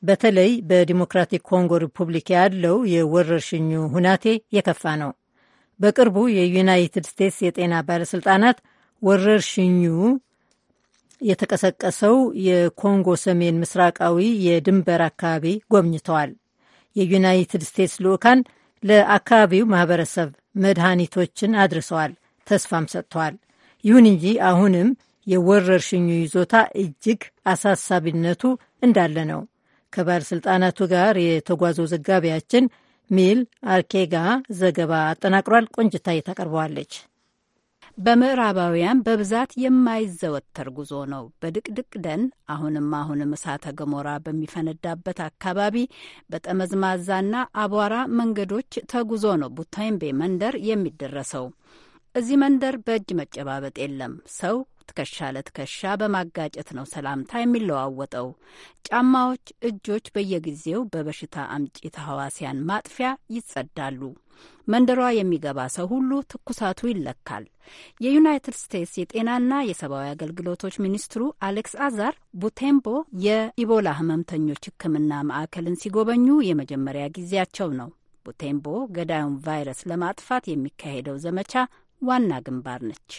በተለይ በዲሞክራቲክ ኮንጎ ሪፑብሊክ ያለው የወረርሽኙ ሁናቴ የከፋ ነው። በቅርቡ የዩናይትድ ስቴትስ የጤና ባለሥልጣናት ወረርሽኙ የተቀሰቀሰው የኮንጎ ሰሜን ምስራቃዊ የድንበር አካባቢ ጎብኝተዋል። የዩናይትድ ስቴትስ ልዑካን ለአካባቢው ማህበረሰብ መድኃኒቶችን አድርሰዋል፣ ተስፋም ሰጥተዋል። ይሁን እንጂ አሁንም የወረርሽኙ ይዞታ እጅግ አሳሳቢነቱ እንዳለ ነው። ከባለሥልጣናቱ ጋር የተጓዘው ዘጋቢያችን ሚል አርኬጋ ዘገባ አጠናቅሯል። ቆንጅታ ታቀርበዋለች። በምዕራባውያን በብዛት የማይዘወተር ጉዞ ነው። በድቅድቅ ደን አሁንም አሁንም እሳተ ገሞራ በሚፈነዳበት አካባቢ በጠመዝማዛና አቧራ መንገዶች ተጉዞ ነው ቡታይምቤ መንደር የሚደረሰው። እዚህ መንደር በእጅ መጨባበጥ የለም። ሰው ትከሻ ለትከሻ በማጋጨት ነው ሰላምታ የሚለዋወጠው። ጫማዎች፣ እጆች በየጊዜው በበሽታ አምጪ ተህዋሲያን ማጥፊያ ይጸዳሉ። መንደሯ የሚገባ ሰው ሁሉ ትኩሳቱ ይለካል። የዩናይትድ ስቴትስ የጤናና የሰብአዊ አገልግሎቶች ሚኒስትሩ አሌክስ አዛር ቡቴምቦ የኢቦላ ህመምተኞች ሕክምና ማዕከልን ሲጎበኙ የመጀመሪያ ጊዜያቸው ነው። ቡቴምቦ ገዳዩን ቫይረስ ለማጥፋት የሚካሄደው ዘመቻ ዋና ግንባር ነች።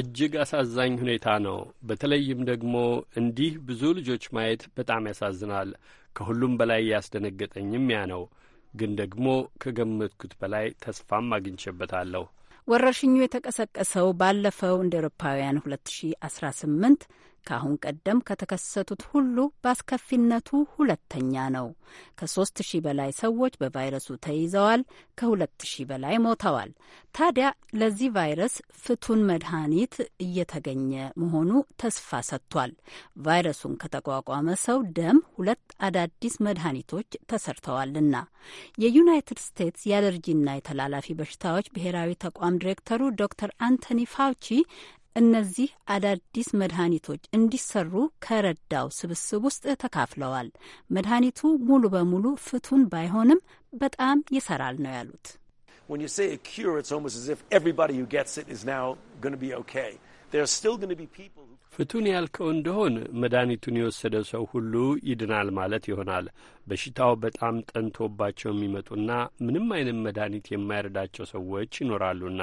እጅግ አሳዛኝ ሁኔታ ነው። በተለይም ደግሞ እንዲህ ብዙ ልጆች ማየት በጣም ያሳዝናል። ከሁሉም በላይ ያስደነገጠኝም ያ ነው። ግን ደግሞ ከገመትኩት በላይ ተስፋም አግኝቼበታለሁ። ወረርሽኙ የተቀሰቀሰው ባለፈው እንደ ኤሮፓውያን 2018 ከአሁን ቀደም ከተከሰቱት ሁሉ በአስከፊነቱ ሁለተኛ ነው። ከሶስት ሺህ በላይ ሰዎች በቫይረሱ ተይዘዋል። ከሁለት ሺህ በላይ ሞተዋል። ታዲያ ለዚህ ቫይረስ ፍቱን መድኃኒት እየተገኘ መሆኑ ተስፋ ሰጥቷል። ቫይረሱን ከተቋቋመ ሰው ደም ሁለት አዳዲስ መድኃኒቶች ተሰርተዋልና የዩናይትድ ስቴትስ የአለርጂና የተላላፊ በሽታዎች ብሔራዊ ተቋም ዲሬክተሩ ዶክተር አንቶኒ ፋውቺ እነዚህ አዳዲስ መድኃኒቶች እንዲሰሩ ከረዳው ስብስብ ውስጥ ተካፍለዋል። መድኃኒቱ ሙሉ በሙሉ ፍቱን ባይሆንም በጣም ይሰራል ነው ያሉት። ፍቱን ያልከው እንደሆን መድኃኒቱን የወሰደ ሰው ሁሉ ይድናል ማለት ይሆናል። በሽታው በጣም ጠንቶባቸው የሚመጡና ምንም አይነት መድኃኒት የማይረዳቸው ሰዎች ይኖራሉና፣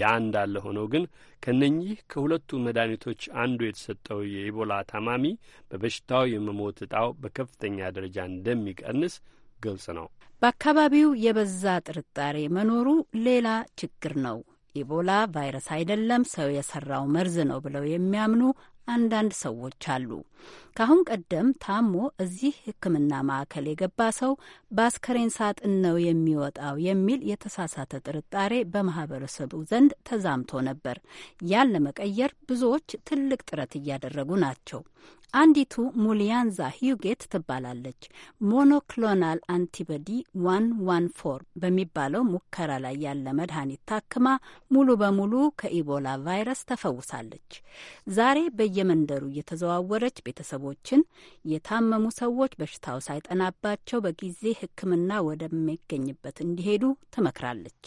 ያ እንዳለ ሆነው ግን ከነኚህ ከሁለቱ መድኃኒቶች አንዱ የተሰጠው የኢቦላ ታማሚ በበሽታው የመሞት እጣው በከፍተኛ ደረጃ እንደሚቀንስ ግልጽ ነው። በአካባቢው የበዛ ጥርጣሬ መኖሩ ሌላ ችግር ነው። ኢቦላ ቫይረስ አይደለም፣ ሰው የሰራው መርዝ ነው ብለው የሚያምኑ አንዳንድ ሰዎች አሉ። ከአሁን ቀደም ታሞ እዚህ ሕክምና ማዕከል የገባ ሰው በአስከሬን ሳጥን ነው የሚወጣው የሚል የተሳሳተ ጥርጣሬ በማህበረሰቡ ዘንድ ተዛምቶ ነበር። ያን ለመቀየር ብዙዎች ትልቅ ጥረት እያደረጉ ናቸው። አንዲቱ ሙሊያንዛ ሂዩጌት ትባላለች። ሞኖክሎናል አንቲበዲ ዋን ዋን ፎር በሚባለው ሙከራ ላይ ያለ መድኃኒት ታክማ ሙሉ በሙሉ ከኢቦላ ቫይረስ ተፈውሳለች። ዛሬ በየመንደሩ እየተዘዋወረች ቤተሰቦችን የታመሙ ሰዎች በሽታው ሳይጠናባቸው በጊዜ ሕክምና ወደሚገኝበት እንዲሄዱ ትመክራለች።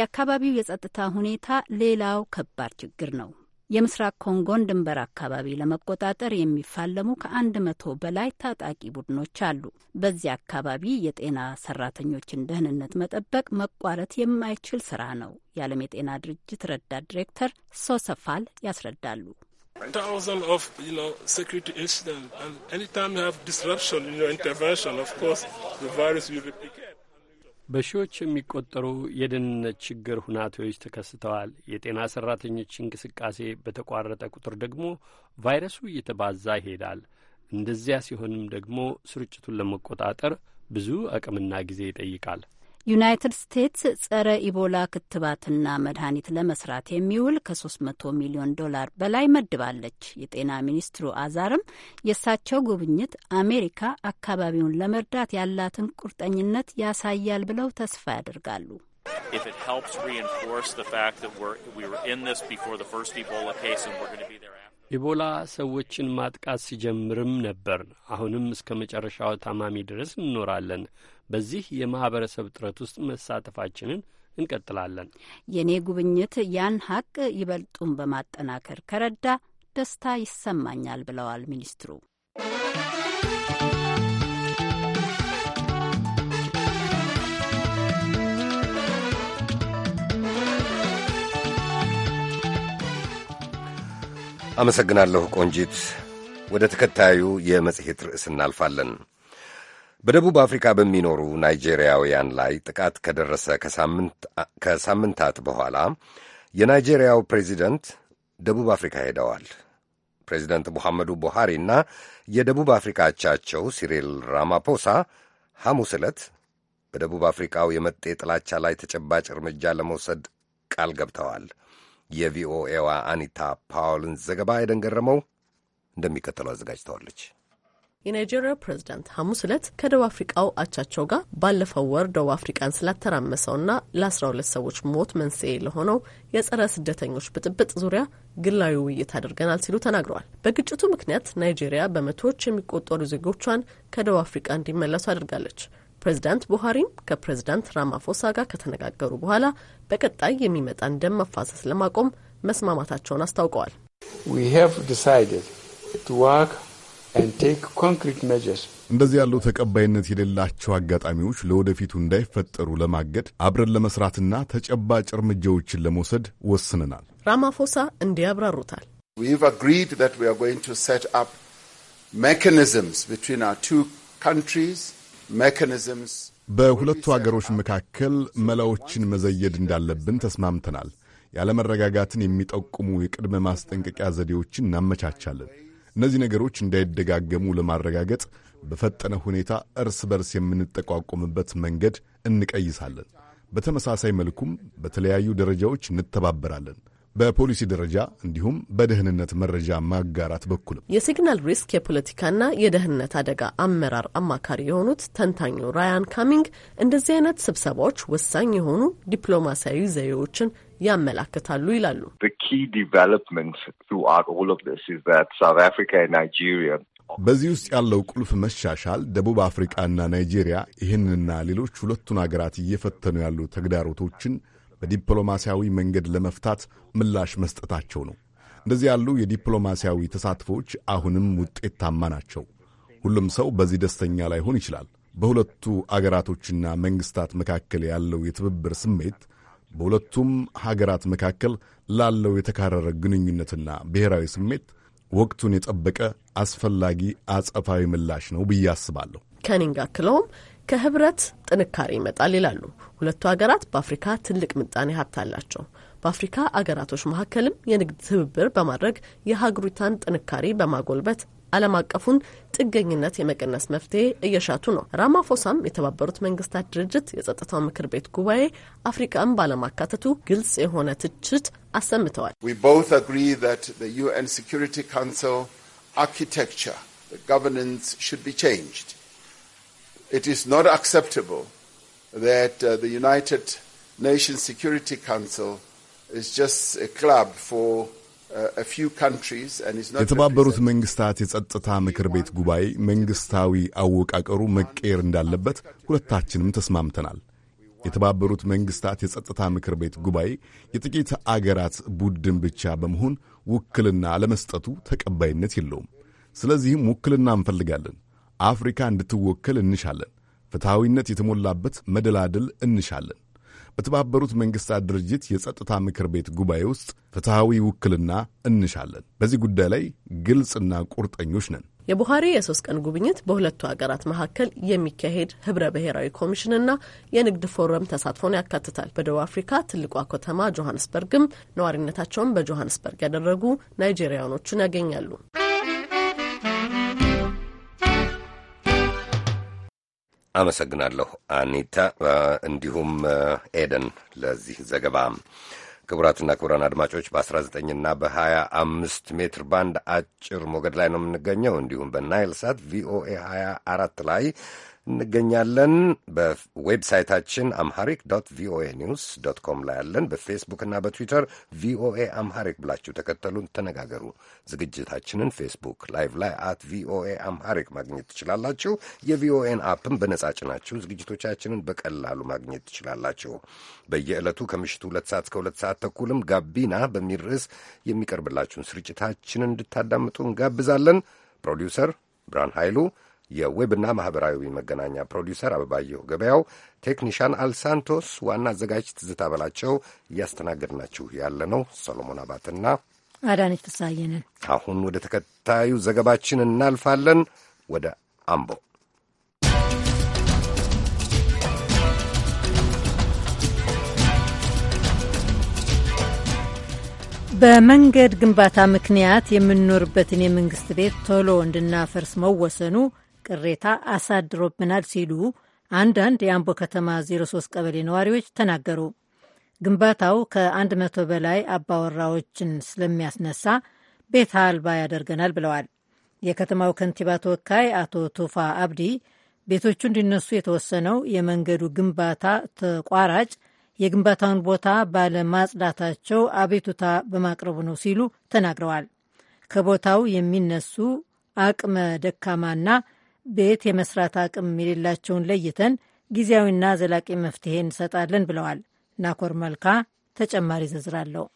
የአካባቢው የጸጥታ ሁኔታ ሌላው ከባድ ችግር ነው። የምስራቅ ኮንጎን ድንበር አካባቢ ለመቆጣጠር የሚፋለሙ ከአንድ መቶ በላይ ታጣቂ ቡድኖች አሉ። በዚያ አካባቢ የጤና ሰራተኞችን ደህንነት መጠበቅ መቋረጥ የማይችል ስራ ነው። የዓለም የጤና ድርጅት ረዳት ዲሬክተር ሶሰፋል ያስረዳሉ። በሺዎች የሚቆጠሩ የደህንነት ችግር ሁናቴዎች ተከስተዋል። የጤና ሰራተኞች እንቅስቃሴ በተቋረጠ ቁጥር ደግሞ ቫይረሱ እየተባዛ ይሄዳል። እንደዚያ ሲሆንም ደግሞ ስርጭቱን ለመቆጣጠር ብዙ አቅምና ጊዜ ይጠይቃል። ዩናይትድ ስቴትስ ጸረ ኢቦላ ክትባትና መድኃኒት ለመስራት የሚውል ከ300 ሚሊዮን ዶላር በላይ መድባለች። የጤና ሚኒስትሩ አዛርም የእሳቸው ጉብኝት አሜሪካ አካባቢውን ለመርዳት ያላትን ቁርጠኝነት ያሳያል ብለው ተስፋ ያደርጋሉ። ኢቦላ ሰዎችን ማጥቃት ሲጀምርም ነበር። አሁንም እስከ መጨረሻው ታማሚ ድረስ እንኖራለን። በዚህ የማህበረሰብ ጥረት ውስጥ መሳተፋችንን እንቀጥላለን። የእኔ ጉብኝት ያን ሀቅ ይበልጡን በማጠናከር ከረዳ ደስታ ይሰማኛል ብለዋል ሚኒስትሩ። አመሰግናለሁ ቆንጂት። ወደ ተከታዩ የመጽሔት ርዕስ እናልፋለን። በደቡብ አፍሪካ በሚኖሩ ናይጄሪያውያን ላይ ጥቃት ከደረሰ ከሳምንታት በኋላ የናይጄሪያው ፕሬዚደንት ደቡብ አፍሪካ ሄደዋል። ፕሬዚደንት ሙሐመዱ ቡሃሪ እና የደቡብ አፍሪካ አቻቸው ሲሪል ራማፖሳ ሐሙስ ዕለት በደቡብ አፍሪካው የመጤ ጥላቻ ላይ ተጨባጭ እርምጃ ለመውሰድ ቃል ገብተዋል። የቪኦኤዋ አኒታ ፓውልን ዘገባ የደንገረመው እንደሚከተለው አዘጋጅተዋለች። የናይጄሪያ ፕሬዚዳንት ሐሙስ ዕለት ከደቡብ አፍሪቃው አቻቸው ጋር ባለፈው ወር ደቡብ አፍሪቃን ስላተራመሰውና ለአስራ ሁለት ሰዎች ሞት መንስኤ ለሆነው የጸረ ስደተኞች ብጥብጥ ዙሪያ ግላዊ ውይይት አድርገናል ሲሉ ተናግረዋል። በግጭቱ ምክንያት ናይጄሪያ በመቶዎች የሚቆጠሩ ዜጎቿን ከደቡብ አፍሪቃ እንዲመለሱ አድርጋለች። ፕሬዚዳንት ቡሃሪም ከፕሬዚዳንት ራማፎሳ ጋር ከተነጋገሩ በኋላ በቀጣይ የሚመጣን ደም መፋሰስ ለማቆም መስማማታቸውን አስታውቀዋል። እንደዚህ ያሉ ተቀባይነት የሌላቸው አጋጣሚዎች ለወደፊቱ እንዳይፈጠሩ ለማገድ አብረን ለመስራትና ተጨባጭ እርምጃዎችን ለመውሰድ ወስንናል። ራማፎሳ እንዲህ ያብራሩታል። በሁለቱ አገሮች መካከል መላዎችን መዘየድ እንዳለብን ተስማምተናል። ያለመረጋጋትን የሚጠቁሙ የቅድመ ማስጠንቀቂያ ዘዴዎችን እናመቻቻለን። እነዚህ ነገሮች እንዳይደጋገሙ ለማረጋገጥ በፈጠነ ሁኔታ እርስ በርስ የምንጠቋቋምበት መንገድ እንቀይሳለን። በተመሳሳይ መልኩም በተለያዩ ደረጃዎች እንተባበራለን። በፖሊሲ ደረጃ እንዲሁም በደህንነት መረጃ ማጋራት በኩልም የሲግናል ሪስክ የፖለቲካና የደህንነት አደጋ አመራር አማካሪ የሆኑት ተንታኙ ራያን ካሚንግ እንደዚህ አይነት ስብሰባዎች ወሳኝ የሆኑ ዲፕሎማሲያዊ ዘዴዎችን ያመላክታሉ ይላሉ። በዚህ ውስጥ ያለው ቁልፍ መሻሻል ደቡብ አፍሪካና ናይጄሪያ ይህንንና ሌሎች ሁለቱን አገራት እየፈተኑ ያሉ ተግዳሮቶችን በዲፕሎማሲያዊ መንገድ ለመፍታት ምላሽ መስጠታቸው ነው። እንደዚህ ያሉ የዲፕሎማሲያዊ ተሳትፎዎች አሁንም ውጤታማ ናቸው። ሁሉም ሰው በዚህ ደስተኛ ላይሆን ይችላል። በሁለቱ አገራቶችና መንግስታት መካከል ያለው የትብብር ስሜት በሁለቱም ሀገራት መካከል ላለው የተካረረ ግንኙነትና ብሔራዊ ስሜት ወቅቱን የጠበቀ አስፈላጊ አጸፋዊ ምላሽ ነው ብዬ አስባለሁ። ከኒንግ አክለውም ከህብረት ጥንካሬ ይመጣል ይላሉ። ሁለቱ ሀገራት በአፍሪካ ትልቅ ምጣኔ ሀብት አላቸው። በአፍሪካ አገራቶች መካከልም የንግድ ትብብር በማድረግ የሀገሪቷን ጥንካሬ በማጎልበት ዓለም አቀፉን ጥገኝነት የመቀነስ መፍትሄ እየሻቱ ነው። ራማፎሳም የተባበሩት መንግስታት ድርጅት የጸጥታው ምክር ቤት ጉባኤ አፍሪካን ባለማካተቱ ግልጽ የሆነ ትችት አሰምተዋል። ዩናይትድ ኔሽንስ ሴኩሪቲ ካውንስል የተባበሩት መንግስታት የጸጥታ ምክር ቤት ጉባኤ መንግስታዊ አወቃቀሩ መቀየር እንዳለበት ሁለታችንም ተስማምተናል። የተባበሩት መንግስታት የጸጥታ ምክር ቤት ጉባኤ የጥቂት አገራት ቡድን ብቻ በመሆን ውክልና ለመስጠቱ ተቀባይነት የለውም። ስለዚህም ውክልና እንፈልጋለን። አፍሪካ እንድትወከል እንሻለን። ፍትሐዊነት የተሞላበት መደላድል እንሻለን። በተባበሩት መንግስታት ድርጅት የጸጥታ ምክር ቤት ጉባኤ ውስጥ ፍትሐዊ ውክልና እንሻለን። በዚህ ጉዳይ ላይ ግልጽና ቁርጠኞች ነን። የቡሃሪ የሶስት ቀን ጉብኝት በሁለቱ ሀገራት መካከል የሚካሄድ ህብረ ብሔራዊ ኮሚሽንና የንግድ ፎረም ተሳትፎን ያካትታል። በደቡብ አፍሪካ ትልቋ ከተማ ጆሀንስበርግም ነዋሪነታቸውን በጆሀንስበርግ ያደረጉ ናይጄሪያኖቹን ያገኛሉ። አመሰግናለሁ አኒታ፣ እንዲሁም ኤደን ለዚህ ዘገባ። ክቡራትና ክቡራን አድማጮች በ19ና በ25 ሜትር ባንድ አጭር ሞገድ ላይ ነው የምንገኘው። እንዲሁም በናይል ሳት ቪኦኤ 24 ላይ እንገኛለን። በዌብሳይታችን አምሃሪክ ዶት ቪኦኤ ኒውስ ዶት ኮም ላይ ያለን። በፌስቡክና በትዊተር ቪኦኤ አምሃሪክ ብላችሁ ተከተሉን፣ ተነጋገሩ። ዝግጅታችንን ፌስቡክ ላይቭ ላይ አት ቪኦኤ አምሃሪክ ማግኘት ትችላላችሁ። የቪኦኤን አፕም በነጻ ጭናችሁ ዝግጅቶቻችንን በቀላሉ ማግኘት ትችላላችሁ። በየዕለቱ ከምሽቱ ሁለት ሰዓት እስከ ሁለት ሰዓት ተኩልም ጋቢና በሚል ርዕስ የሚቀርብላችሁን ስርጭታችንን እንድታዳምጡ እንጋብዛለን። ፕሮዲውሰር ብርሃን ኃይሉ የዌብና ማኅበራዊ መገናኛ ፕሮዲውሰር አበባየሁ ገበያው፣ ቴክኒሻን አልሳንቶስ፣ ዋና አዘጋጅ ትዝታ በላቸው፣ እያስተናገድናችሁ ያለ ነው ሰሎሞን አባትና አዳነች ፍስሐዬ አሁን ወደ ተከታዩ ዘገባችን እናልፋለን። ወደ አምቦ በመንገድ ግንባታ ምክንያት የምንኖርበትን የመንግስት ቤት ቶሎ እንድናፈርስ መወሰኑ ቅሬታ አሳድሮብናል ሲሉ አንዳንድ የአምቦ ከተማ 03 ቀበሌ ነዋሪዎች ተናገሩ። ግንባታው ከ100 በላይ አባወራዎችን ስለሚያስነሳ ቤት አልባ ያደርገናል ብለዋል። የከተማው ከንቲባ ተወካይ አቶ ቶፋ አብዲ ቤቶቹ እንዲነሱ የተወሰነው የመንገዱ ግንባታ ተቋራጭ የግንባታውን ቦታ ባለማጽዳታቸው አቤቱታ በማቅረቡ ነው ሲሉ ተናግረዋል። ከቦታው የሚነሱ አቅመ ደካማና ቤት የመስራት አቅም የሌላቸውን ለይተን ጊዜያዊና ዘላቂ መፍትሄ እንሰጣለን ብለዋል። ናኮር መልካ ተጨማሪ ዝርዝር አለው።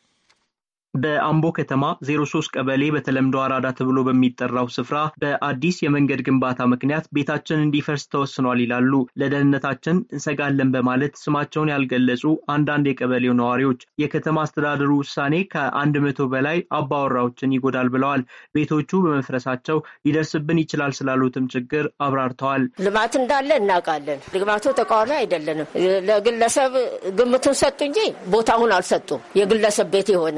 በአምቦ ከተማ 03 ቀበሌ በተለምዶ አራዳ ተብሎ በሚጠራው ስፍራ በአዲስ የመንገድ ግንባታ ምክንያት ቤታችን እንዲፈርስ ተወስኗል ይላሉ ለደህንነታችን እንሰጋለን በማለት ስማቸውን ያልገለጹ አንዳንድ የቀበሌው ነዋሪዎች። የከተማ አስተዳደሩ ውሳኔ ከአንድ መቶ በላይ አባወራዎችን ይጎዳል ብለዋል። ቤቶቹ በመፍረሳቸው ሊደርስብን ይችላል ስላሉትም ችግር አብራርተዋል። ልማት እንዳለ እናውቃለን። ልማቱ ተቃዋሚ አይደለንም። ለግለሰብ ግምቱን ሰጡ እንጂ ቦታውን አልሰጡም። የግለሰብ ቤት የሆነ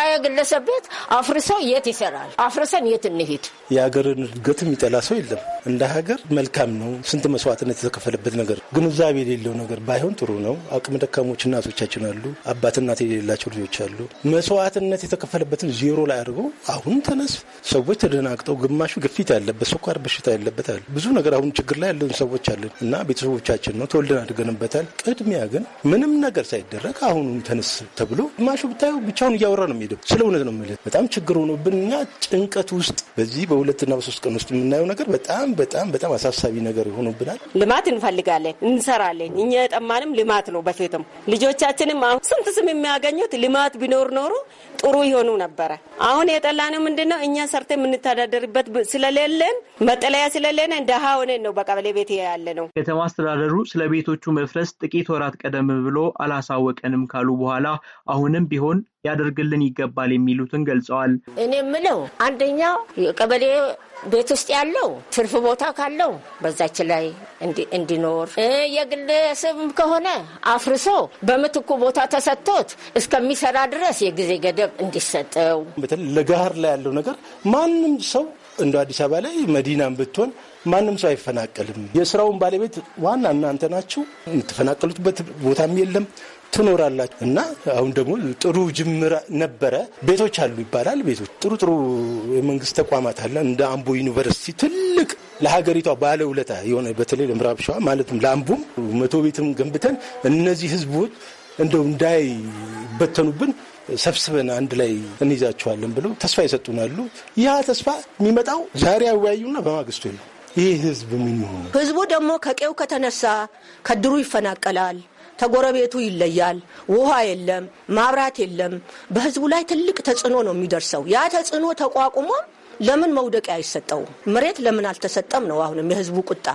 ያ የግለሰብ ቤት አፍርሰው የት ይሰራል? አፍርሰን የት እንሂድ? የሀገርን እድገት የሚጠላ ሰው የለም። እንደ ሀገር መልካም ነው። ስንት መስዋዕትነት የተከፈለበት ነገር፣ ግንዛቤ የሌለው ነገር ባይሆን ጥሩ ነው። አቅም ደካሞች እናቶቻችን አሉ። አባት እናት የሌላቸው ልጆች አሉ። መስዋዕትነት የተከፈለበትን ዜሮ ላይ አድርገው አሁን ተነስ። ሰዎች ተደናግጠው፣ ግማሹ ግፊት ያለበት ስኳር በሽታ ያለበት አለ። ብዙ ነገር አሁን ችግር ላይ ያለን ሰዎች አለን እና ቤተሰቦቻችን ነው ተወልደን አድገንበታል። ቅድሚያ ግን ምንም ነገር ሳይደረግ አሁኑ ተነስ ተብሎ ግማሹ ብታየው ብቻውን እያወራ ነው የሚሄደው። ስለ እውነት ነው የምልህ በጣም ችግር ሆኖብንና ጭንቀት ውስጥ በዚህ በሁለትና በሶስት ቀን ውስጥ የምናየው ነገር በጣም በጣም በጣም አሳሳቢ ነገር ሆኖብናል። ልማት እንፈልጋለን፣ እንሰራለን። እኛ የጠማንም ልማት ነው። በፊትም ልጆቻችንም አሁን ስንት ስም የሚያገኙት ልማት ቢኖር ኖሮ ጥሩ ይሆኑ ነበረ። አሁን የጠላነው ምንድን ነው? እኛ ሰርተ የምንተዳደርበት ስለሌለን መጠለያ ስለሌለ ደሃ ሆነን ነው በቀበሌ ቤት ያለ ነው። ከተማ አስተዳደሩ ስለ ቤቶቹ መፍረስ ጥቂት ወራት ቀደም ብሎ አላሳወቀንም ካሉ በኋላ አሁንም ቢሆን ያደርግልን ይገባል የሚሉትን ገልጸዋል። እኔ ምለው አንደኛው ቀበሌ ቤት ውስጥ ያለው ትርፍ ቦታ ካለው በዛች ላይ እንዲኖር፣ የግለሰብ ከሆነ አፍርሶ በምትኩ ቦታ ተሰጥቶት እስከሚሰራ ድረስ የጊዜ ገደብ እንዲሰጠው። በተለይ ለጋር ላይ ያለው ነገር ማንም ሰው እንደ አዲስ አበባ ላይ መዲናም ብትሆን ማንም ሰው አይፈናቀልም። የስራውን ባለቤት ዋና እናንተ ናችሁ። የምትፈናቀሉትበት ቦታም የለም ትኖራላችሁ እና አሁን ደግሞ ጥሩ ጅምር ነበረ። ቤቶች አሉ ይባላል። ቤቶች ጥሩ ጥሩ የመንግስት ተቋማት አለ እንደ አምቦ ዩኒቨርሲቲ ትልቅ ለሀገሪቷ ባለውለታ የሆነ በተለይ ለምዕራብ ሸዋ ማለትም ለአምቦም መቶ ቤትም ገንብተን እነዚህ ህዝቦች እንደው እንዳይበተኑብን ሰብስበን አንድ ላይ እንይዛቸዋለን ብለው ተስፋ ይሰጡናሉ። ያ ተስፋ የሚመጣው ዛሬ አወያዩና በማግስቱ ነው። ይህ ህዝብ ምን ይሆኑ? ህዝቡ ደግሞ ከቄው ከተነሳ ከድሩ ይፈናቀላል፣ ከጎረቤቱ ይለያል፣ ውሃ የለም፣ ማብራት የለም። በህዝቡ ላይ ትልቅ ተጽዕኖ ነው የሚደርሰው። ያ ተጽዕኖ ተቋቁሞ ለምን መውደቂያ አይሰጠውም? መሬት ለምን አልተሰጠም ነው አሁንም የህዝቡ ቁጣ።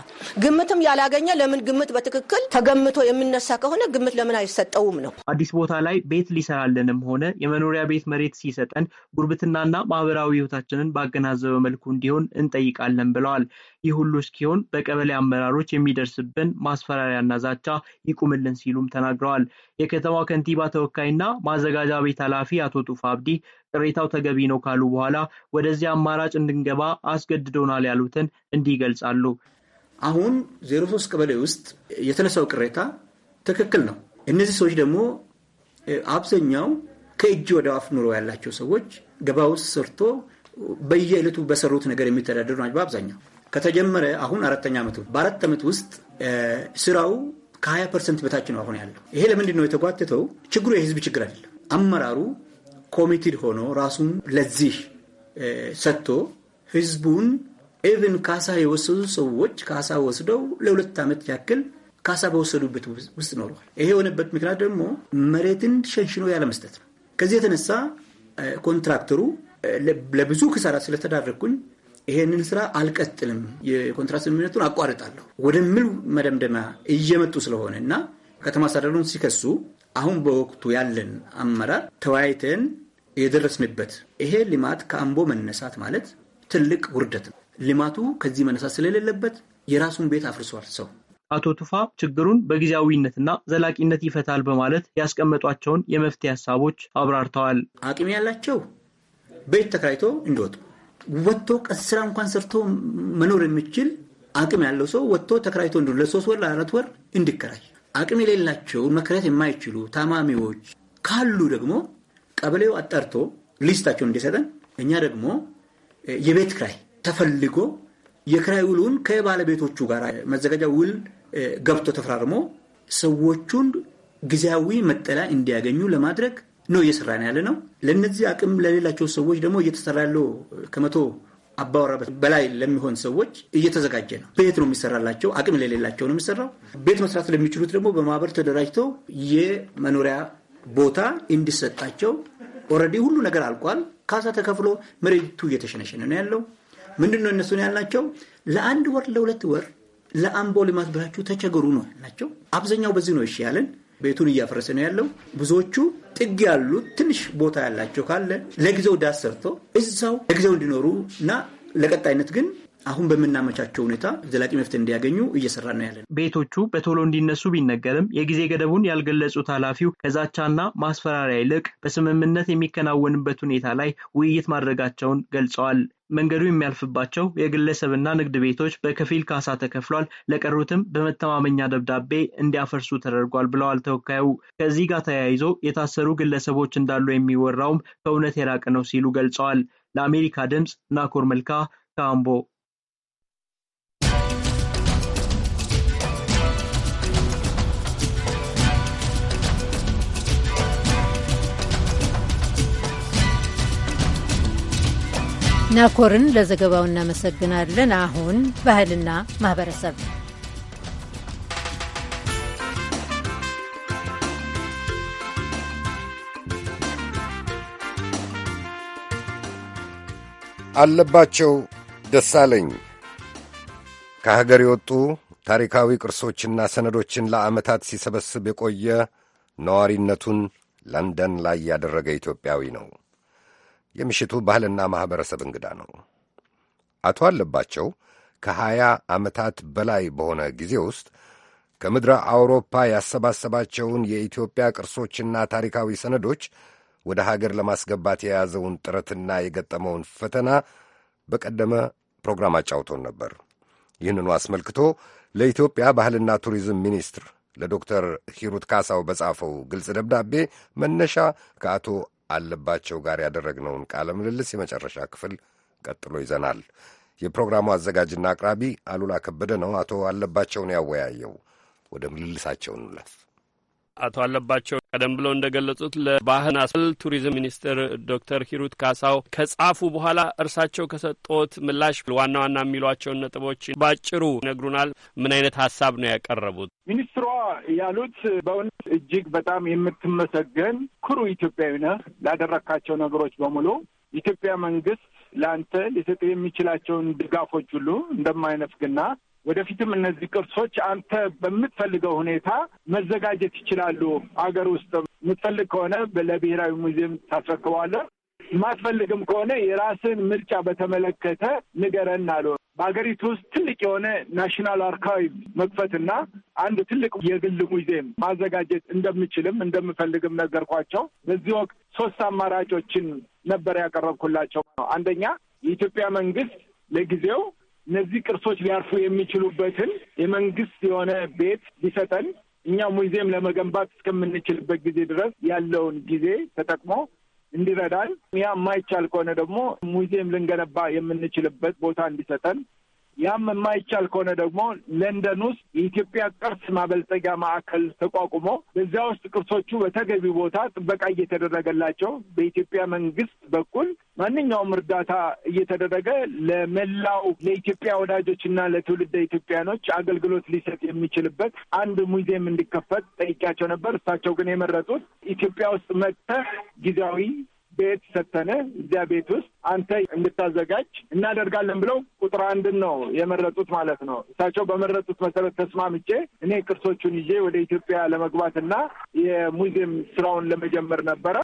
ግምትም ያላገኘ ለምን ግምት በትክክል ተገምቶ የሚነሳ ከሆነ ግምት ለምን አይሰጠውም ነው። አዲስ ቦታ ላይ ቤት ሊሰራልንም ሆነ የመኖሪያ ቤት መሬት ሲሰጠን ጉርብትናና ማህበራዊ ህይወታችንን ባገናዘበ መልኩ እንዲሆን እንጠይቃለን ብለዋል። ይህ ሁሉ እስኪሆን በቀበሌ አመራሮች የሚደርስብን ማስፈራሪያና ዛቻ ይቁምልን ሲሉም ተናግረዋል። የከተማ ከንቲባ ተወካይና ማዘጋጃ ቤት ኃላፊ አቶ ጡፋ አብዲ ቅሬታው ተገቢ ነው ካሉ በኋላ ወደዚህ አማራጭ እንድንገባ አስገድዶናል ያሉትን እንዲህ ይገልጻሉ። አሁን ዜሮ ሶስት ቀበሌ ውስጥ የተነሳው ቅሬታ ትክክል ነው። እነዚህ ሰዎች ደግሞ አብዛኛው ከእጅ ወደ አፍ ኑሮ ያላቸው ሰዎች ገባ ውስጥ ሰርቶ በየዕለቱ በሰሩት ነገር የሚተዳደሩ ናቸው። በአብዛኛው ከተጀመረ አሁን አራተኛ ዓመቱ በአራት ዓመት ውስጥ ስራው ከ20 ፐርሰንት በታች ነው አሁን ያለው። ይሄ ለምንድን ነው የተጓተተው? ችግሩ የህዝብ ችግር አይደለም። አመራሩ ኮሚቴድ ሆኖ ራሱን ለዚህ ሰጥቶ ህዝቡን ኢቭን ካሳ የወሰዱ ሰዎች ካሳ ወስደው ለሁለት ዓመት ያክል ካሳ በወሰዱበት ውስጥ ኖረዋል። ይሄ የሆነበት ምክንያት ደግሞ መሬትን ሸንሽኖ ያለመስጠት ነው። ከዚህ የተነሳ ኮንትራክተሩ ለብዙ ክሳራ ስለተዳረግኩኝ ይሄንን ስራ አልቀጥልም፣ የኮንትራት ስምምነቱን አቋርጣለሁ ወደሚል መደምደሚያ እየመጡ ስለሆነ እና ከተማ አስተዳደሩን ሲከሱ አሁን በወቅቱ ያለን አመራር ተወያይተን የደረስንበት። ይሄ ልማት ከአምቦ መነሳት ማለት ትልቅ ውርደት ነው። ልማቱ ከዚህ መነሳት ስለሌለበት የራሱን ቤት አፍርሷል ሰው። አቶ ቱፋ ችግሩን በጊዜያዊነትና ዘላቂነት ይፈታል በማለት ያስቀመጧቸውን የመፍትሄ ሀሳቦች አብራርተዋል። አቅም ያላቸው ቤት ተከራይቶ እንዲወጡ ወጥቶ ቀስራ እንኳን ሰርቶ መኖር የሚችል አቅም ያለው ሰው ወጥቶ ተከራይቶ እንዲሁ ለሶስት ወር ለአራት ወር እንዲከራይ፣ አቅም የሌላቸውን መከራየት የማይችሉ ታማሚዎች ካሉ ደግሞ ቀበሌው አጣርቶ ሊስታቸውን እንዲሰጠን እኛ ደግሞ የቤት ክራይ ተፈልጎ የክራይ ውሉን ከባለቤቶቹ ጋር መዘጋጃ ውል ገብቶ ተፈራርሞ ሰዎቹን ጊዜያዊ መጠለያ እንዲያገኙ ለማድረግ ነው እየሰራ ነው ያለ ነው። ለነዚህ አቅም ለሌላቸው ሰዎች ደግሞ እየተሰራ ያለው ከመቶ አባወራ በላይ ለሚሆን ሰዎች እየተዘጋጀ ነው። ቤት ነው የሚሰራላቸው። አቅም ለሌላቸው ነው የሚሰራው። ቤት መስራት ለሚችሉት ደግሞ በማህበር ተደራጅተው የመኖሪያ ቦታ እንዲሰጣቸው ኦልሬዲ ሁሉ ነገር አልቋል። ካሳ ተከፍሎ መሬቱ እየተሸነሸነ ነው ያለው። ምንድን ነው እነሱን ያልናቸው ለአንድ ወር ለሁለት ወር ለአምቦ ልማት ብላችሁ ተቸገሩ ነው ያልናቸው። አብዛኛው በዚህ ነው እሺ ያለን። ቤቱን እያፈረሰ ነው ያለው። ብዙዎቹ ጥግ ያሉት ትንሽ ቦታ ያላቸው ካለ ለጊዜው ዳስ ሰርቶ እዛው ለጊዜው እንዲኖሩ እና ለቀጣይነት ግን አሁን በምናመቻቸው ሁኔታ ዘላቂ መፍትሄ እንዲያገኙ እየሰራ ነው ያለን። ቤቶቹ በቶሎ እንዲነሱ ቢነገርም የጊዜ ገደቡን ያልገለጹት ኃላፊው ከዛቻና ማስፈራሪያ ይልቅ በስምምነት የሚከናወንበት ሁኔታ ላይ ውይይት ማድረጋቸውን ገልጸዋል። መንገዱ የሚያልፍባቸው የግለሰብና ንግድ ቤቶች በከፊል ካሳ ተከፍሏል፣ ለቀሩትም በመተማመኛ ደብዳቤ እንዲያፈርሱ ተደርጓል ብለዋል ተወካዩ። ከዚህ ጋር ተያይዞ የታሰሩ ግለሰቦች እንዳሉ የሚወራውም ከእውነት የራቀ ነው ሲሉ ገልጸዋል። ለአሜሪካ ድምፅ ናኮር መልካ ካምቦ ናኮርን ለዘገባው እናመሰግናለን። አሁን ባህልና ማህበረሰብ አለባቸው ደሳለኝ ከሀገር የወጡ ታሪካዊ ቅርሶችና ሰነዶችን ለዓመታት ሲሰበስብ የቆየ ነዋሪነቱን ለንደን ላይ ያደረገ ኢትዮጵያዊ ነው። የምሽቱ ባህልና ማኅበረሰብ እንግዳ ነው። አቶ አለባቸው ከሀያ ዓመታት በላይ በሆነ ጊዜ ውስጥ ከምድረ አውሮፓ ያሰባሰባቸውን የኢትዮጵያ ቅርሶችና ታሪካዊ ሰነዶች ወደ ሀገር ለማስገባት የያዘውን ጥረትና የገጠመውን ፈተና በቀደመ ፕሮግራም አጫውቶን ነበር። ይህንኑ አስመልክቶ ለኢትዮጵያ ባህልና ቱሪዝም ሚኒስትር ለዶክተር ሂሩት ካሳው በጻፈው ግልጽ ደብዳቤ መነሻ ከአቶ አለባቸው ጋር ያደረግነውን ቃለ ምልልስ የመጨረሻ ክፍል ቀጥሎ ይዘናል። የፕሮግራሙ አዘጋጅና አቅራቢ አሉላ ከበደ ነው። አቶ አለባቸውን ያወያየው። ወደ ምልልሳቸው እንለፍ። አቶ አለባቸው ቀደም ብለው እንደገለጹት ለባህልና አስል ቱሪዝም ሚኒስትር ዶክተር ሂሩት ካሳው ከጻፉ በኋላ እርሳቸው ከሰጡት ምላሽ ዋና ዋና የሚሏቸውን ነጥቦች ባጭሩ ይነግሩናል። ምን አይነት ሀሳብ ነው ያቀረቡት? ሚኒስትሯ ያሉት በእውነት እጅግ በጣም የምትመሰገን ኩሩ ኢትዮጵያዊ ነህ ላደረካቸው ነገሮች በሙሉ ኢትዮጵያ መንግስት ለአንተ ሊሰጥ የሚችላቸውን ድጋፎች ሁሉ እንደማይነፍግና ወደፊትም እነዚህ ቅርሶች አንተ በምትፈልገው ሁኔታ መዘጋጀት ይችላሉ። አገር ውስጥ የምትፈልግ ከሆነ ለብሔራዊ ሙዚየም ታስረክበዋለህ። የማትፈልግም ከሆነ የራስን ምርጫ በተመለከተ ንገረን አሉ። በሀገሪቱ ውስጥ ትልቅ የሆነ ናሽናል አርካይቭ መክፈትና አንድ ትልቅ የግል ሙዚየም ማዘጋጀት እንደምችልም እንደምፈልግም ነገርኳቸው። በዚህ ወቅት ሶስት አማራጮችን ነበር ያቀረብኩላቸው። አንደኛ የኢትዮጵያ መንግስት ለጊዜው እነዚህ ቅርሶች ሊያርፉ የሚችሉበትን የመንግስት የሆነ ቤት ሊሰጠን እኛ ሙዚየም ለመገንባት እስከምንችልበት ጊዜ ድረስ ያለውን ጊዜ ተጠቅሞ እንዲረዳን ያ የማይቻል ከሆነ ደግሞ ሙዚየም ልንገነባ የምንችልበት ቦታ እንዲሰጠን ያም የማይቻል ከሆነ ደግሞ ለንደን ውስጥ የኢትዮጵያ ቅርስ ማበልጸጊያ ማዕከል ተቋቁሞ በዚያ ውስጥ ቅርሶቹ በተገቢ ቦታ ጥበቃ እየተደረገላቸው በኢትዮጵያ መንግስት በኩል ማንኛውም እርዳታ እየተደረገ ለመላው ለኢትዮጵያ ወዳጆችና ለትውልደ ኢትዮጵያኖች አገልግሎት ሊሰጥ የሚችልበት አንድ ሙዚየም እንዲከፈት ጠይቄያቸው ነበር። እሳቸው ግን የመረጡት ኢትዮጵያ ውስጥ መጥተህ ጊዜያዊ ቤት ሰተነ እዚያ ቤት ውስጥ አንተ እንድታዘጋጅ እናደርጋለን ብለው ቁጥር አንድን ነው የመረጡት ማለት ነው። እሳቸው በመረጡት መሰረት ተስማምቼ እኔ ቅርሶቹን ይዤ ወደ ኢትዮጵያ ለመግባትና የሙዚየም ስራውን ለመጀመር ነበረ።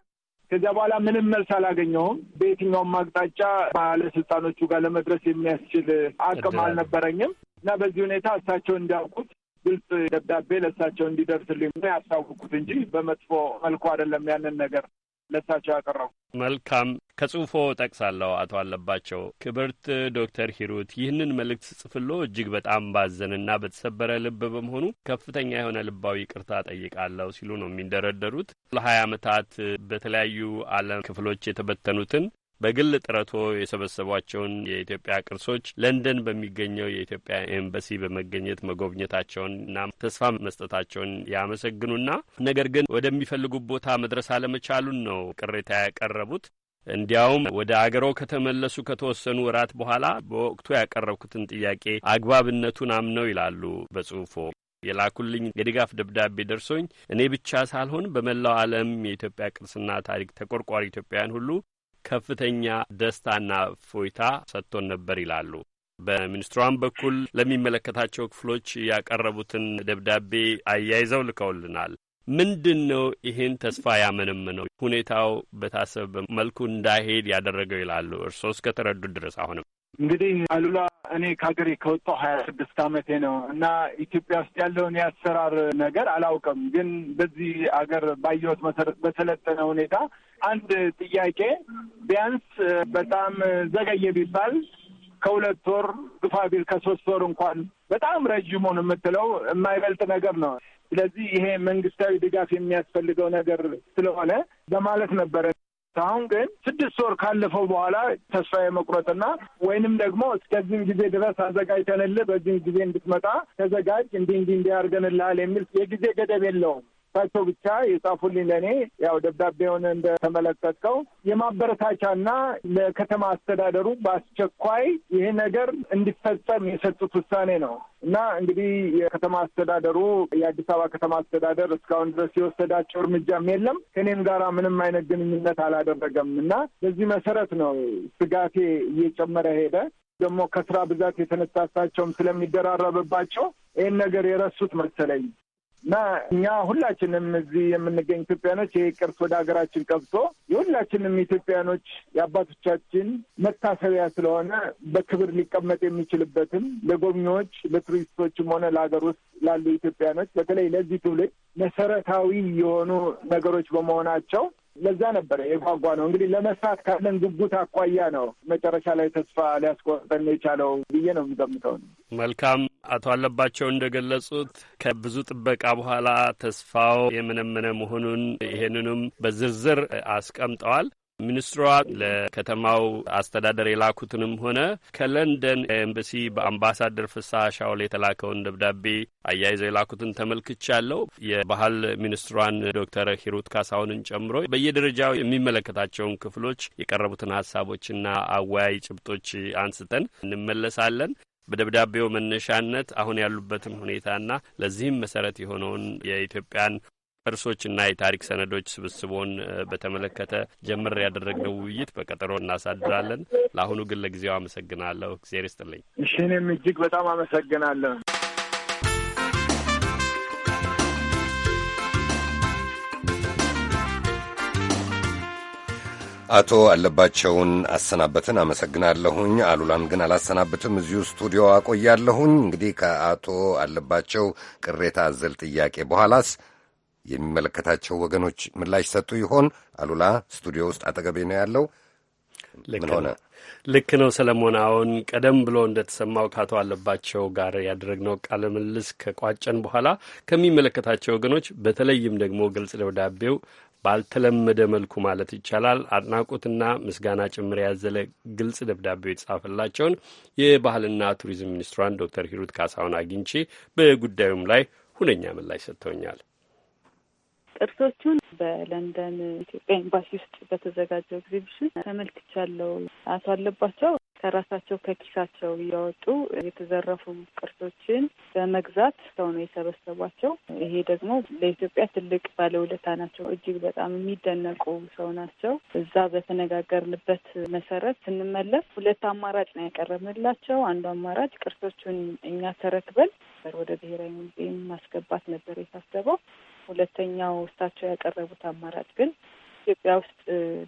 ከዚያ በኋላ ምንም መልስ አላገኘሁም። በየትኛውም አቅጣጫ ባለስልጣኖቹ ጋር ለመድረስ የሚያስችል አቅም አልነበረኝም እና በዚህ ሁኔታ እሳቸው እንዲያውቁት ግልጽ ደብዳቤ ለእሳቸው እንዲደርስልኝ ያሳውቁት እንጂ በመጥፎ መልኩ አይደለም ያንን ነገር ለሳቸው ያቀረቡ። መልካም ከጽሁፎ ጠቅሳለሁ። አቶ አለባቸው ክብርት ዶክተር ሂሩት ይህንን መልእክት ጽፍሎ እጅግ በጣም ባዘንና በተሰበረ ልብ በመሆኑ ከፍተኛ የሆነ ልባዊ ቅርታ ጠይቃለሁ ሲሉ ነው የሚንደረደሩት። ለሀያ አመታት በተለያዩ ዓለም ክፍሎች የተበተኑትን በግል ጥረቶ የሰበሰቧቸውን የኢትዮጵያ ቅርሶች ለንደን በሚገኘው የኢትዮጵያ ኤምባሲ በመገኘት መጎብኘታቸውንና ተስፋ መስጠታቸውን ያመሰግኑና ነገር ግን ወደሚፈልጉት ቦታ መድረስ አለመቻሉን ነው ቅሬታ ያቀረቡት። እንዲያውም ወደ አገሮ ከተመለሱ ከተወሰኑ ወራት በኋላ በወቅቱ ያቀረብኩትን ጥያቄ አግባብነቱን አምነው ይላሉ በጽሁፎ የላኩልኝ የድጋፍ ደብዳቤ ደርሶኝ እኔ ብቻ ሳልሆን በመላው ዓለም የኢትዮጵያ ቅርስና ታሪክ ተቆርቋሪ ኢትዮጵያውያን ሁሉ ከፍተኛ ደስታና ፎይታ ሰጥቶን ነበር ይላሉ። በሚኒስትሯም በኩል ለሚመለከታቸው ክፍሎች ያቀረቡትን ደብዳቤ አያይዘው ልከውልናል። ምንድን ነው ይህን ተስፋ ያመነምነው ሁኔታው በታሰበ መልኩ እንዳይሄድ ያደረገው ይላሉ። እርስዎ እስከተረዱ ድረስ አሁንም እንግዲህ አሉላ እኔ ከሀገሬ ከወጣሁ ሀያ ስድስት አመቴ ነው እና ኢትዮጵያ ውስጥ ያለውን የአሰራር ነገር አላውቅም። ግን በዚህ አገር ባየሁት መሰረት በሰለጠነ ሁኔታ አንድ ጥያቄ ቢያንስ በጣም ዘገየ ቢባል ከሁለት ወር ግፋ ቢል ከሶስት ወር እንኳን በጣም ረዥሙን የምትለው የማይበልጥ ነገር ነው። ስለዚህ ይሄ መንግስታዊ ድጋፍ የሚያስፈልገው ነገር ስለሆነ በማለት ነበረ አሁን ግን ስድስት ወር ካለፈው በኋላ ተስፋ የመቁረጥና ወይንም ደግሞ እስከዚህም ጊዜ ድረስ አዘጋጅተንልህ በዚህም ጊዜ እንድትመጣ ተዘጋጅ እንዲህ እንዲህ እንዲህ አድርገንልሃል የሚል የጊዜ ገደብ የለውም። እሳቸው ብቻ የጻፉልኝ ለእኔ ያው ደብዳቤውን እንደተመለከትከው የማበረታቻና ለከተማ አስተዳደሩ በአስቸኳይ ይህ ነገር እንዲፈጸም የሰጡት ውሳኔ ነው እና እንግዲህ የከተማ አስተዳደሩ የአዲስ አበባ ከተማ አስተዳደር እስካሁን ድረስ የወሰዳቸው እርምጃም የለም። ከእኔም ጋር ምንም አይነት ግንኙነት አላደረገም እና በዚህ መሰረት ነው ስጋቴ እየጨመረ ሄደ። ደግሞ ከስራ ብዛት የተነሳሳቸውም ስለሚደራረብባቸው ይህን ነገር የረሱት መሰለኝ። እና እኛ ሁላችንም እዚህ የምንገኝ ኢትዮጵያኖች ይህ ቅርስ ወደ ሀገራችን ቀብቶ የሁላችንም ኢትዮጵያኖች የአባቶቻችን መታሰቢያ ስለሆነ በክብር ሊቀመጥ የሚችልበትም ለጎብኚዎች ለቱሪስቶችም ሆነ ለሀገር ውስጥ ላሉ ኢትዮጵያኖች በተለይ ለዚህ ትውልድ መሰረታዊ የሆኑ ነገሮች በመሆናቸው ለዛ ነበረ የጓጓ ነው። እንግዲህ ለመስራት ካለን ጉጉት አኳያ ነው መጨረሻ ላይ ተስፋ ሊያስቆርጠን የቻለው ብዬ ነው የምገምተው። መልካም አቶ አለባቸው እንደገለጹት ከብዙ ጥበቃ በኋላ ተስፋው የመነመነ መሆኑን ይህንንም በዝርዝር አስቀምጠዋል። ሚኒስትሯ ለከተማው አስተዳደር የላኩትንም ሆነ ከለንደን ኤምባሲ በአምባሳደር ፍስሐ ሻውል የተላከውን ደብዳቤ አያይዘው የላኩትን ተመልክቻለሁ። የባህል ሚኒስትሯን ዶክተር ሂሩት ካሳሁንን ጨምሮ በየደረጃው የሚመለከታቸውን ክፍሎች የቀረቡትን ሀሳቦችና አወያይ ጭብጦች አንስተን እንመለሳለን። በደብዳቤው መነሻነት አሁን ያሉበትን ሁኔታና ለዚህም መሰረት የሆነውን የኢትዮጵያን ቅርሶችና የታሪክ ሰነዶች ስብስቦን በተመለከተ ጀምር ያደረግነው ውይይት በቀጠሮ እናሳድራለን። ለአሁኑ ግን ለጊዜው አመሰግናለሁ። እግዜር ይስጥልኝ። እሺ፣ እኔም እጅግ በጣም አመሰግናለሁ። አቶ አለባቸውን አሰናበትን አመሰግናለሁኝ። አሉላን ግን አላሰናብትም፣ እዚሁ ስቱዲዮ አቆያለሁኝ። እንግዲህ ከአቶ አለባቸው ቅሬታ አዘል ጥያቄ በኋላስ የሚመለከታቸው ወገኖች ምላሽ ሰጡ ይሆን? አሉላ ስቱዲዮ ውስጥ አጠገቤ ነው ያለው። ምን ሆነ? ልክ ነው ሰለሞን። አሁን ቀደም ብሎ እንደተሰማው ከአቶ አለባቸው ጋር ያደረግነው ቃለ ምልልስ ከቋጨን በኋላ ከሚመለከታቸው ወገኖች በተለይም ደግሞ ግልጽ ደብዳቤው ባልተለመደ መልኩ ማለት ይቻላል አድናቆትና ምስጋና ጭምር ያዘለ ግልጽ ደብዳቤው የተጻፈላቸውን የባህልና ቱሪዝም ሚኒስትሯን ዶክተር ሂሩት ካሳሁን አግኝቼ በጉዳዩም ላይ ሁነኛ ምላሽ ሰጥተውኛል። ቅርሶቹን በለንደን ኢትዮጵያ ኤምባሲ ውስጥ በተዘጋጀው ኤግዚቢሽን ተመልክቻለሁ። አቶ አለባቸው ከራሳቸው ከኪሳቸው እያወጡ የተዘረፉ ቅርሶችን በመግዛት ሰው ነው የሰበሰቧቸው። ይሄ ደግሞ ለኢትዮጵያ ትልቅ ባለውለታ ናቸው። እጅግ በጣም የሚደነቁ ሰው ናቸው። እዛ በተነጋገርንበት መሰረት ስንመለስ ሁለት አማራጭ ነው ያቀረብንላቸው። አንዱ አማራጭ ቅርሶቹን እኛ ተረክበን ወደ ብሔራዊ ሙዚየም ማስገባት ነበር የታሰበው። ሁለተኛው እሳቸው ያቀረቡት አማራጭ ግን ኢትዮጵያ ውስጥ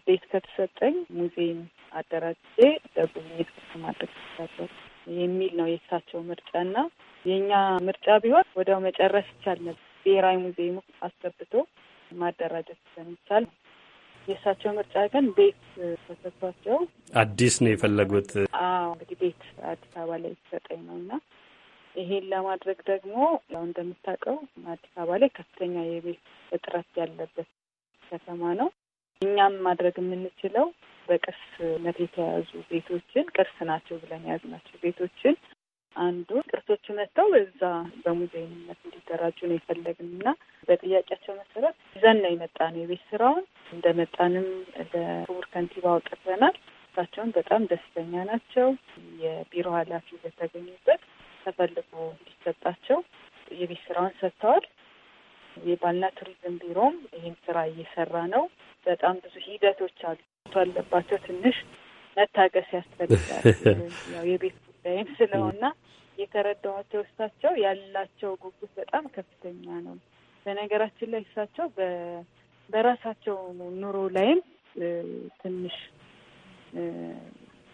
ቤት ከተሰጠኝ ሙዚየም አደራጅቼ ለጉብኝት ማድረግ የሚል ነው የእሳቸው ምርጫና የእኛ ምርጫ ቢሆን ወዲያው መጨረስ ይቻል ነበር። ብሔራዊ ሙዚየሙ አስገብቶ ማደራጀት ይቻል የእሳቸው ምርጫ ግን ቤት ተሰጥቷቸው አዲስ ነው የፈለጉት። አዎ እንግዲህ ቤት አዲስ አበባ ላይ ተሰጠኝ ነው እና ይሄን ለማድረግ ደግሞ ያው እንደምታውቀው አዲስ አበባ ላይ ከፍተኛ የቤት እጥረት ያለበት ከተማ ነው። እኛም ማድረግ የምንችለው በቅርስነት የተያዙ ቤቶችን ቅርስ ናቸው ብለን የያዝናቸው ቤቶችን አንዱ ቅርሶቹ መጥተው በዛ በሙዚየምነት እንዲደራጁ ነው የፈለግን እና በጥያቄያቸው መሰረት ይዘን ነው የመጣነው የቤት ስራውን። እንደመጣንም ለክቡር ከንቲባ አውጥተናል። እሳቸውን በጣም ደስተኛ ናቸው። የቢሮ ኃላፊ በተገኙበት ተፈልጎ እንዲሰጣቸው የቤት ስራውን ሰጥተዋል። የባልና ቱሪዝም ቢሮም ይህን ስራ እየሰራ ነው። በጣም ብዙ ሂደቶች አሉ አለባቸው። ትንሽ መታገስ ያስፈልጋል። *laughs* ያው የቤት ጉዳይም ስለሆነ የተረዳኋቸው እሳቸው ያላቸው ጉጉት በጣም ከፍተኛ ነው። በነገራችን ላይ እሳቸው በራሳቸው ኑሮ ላይም ትንሽ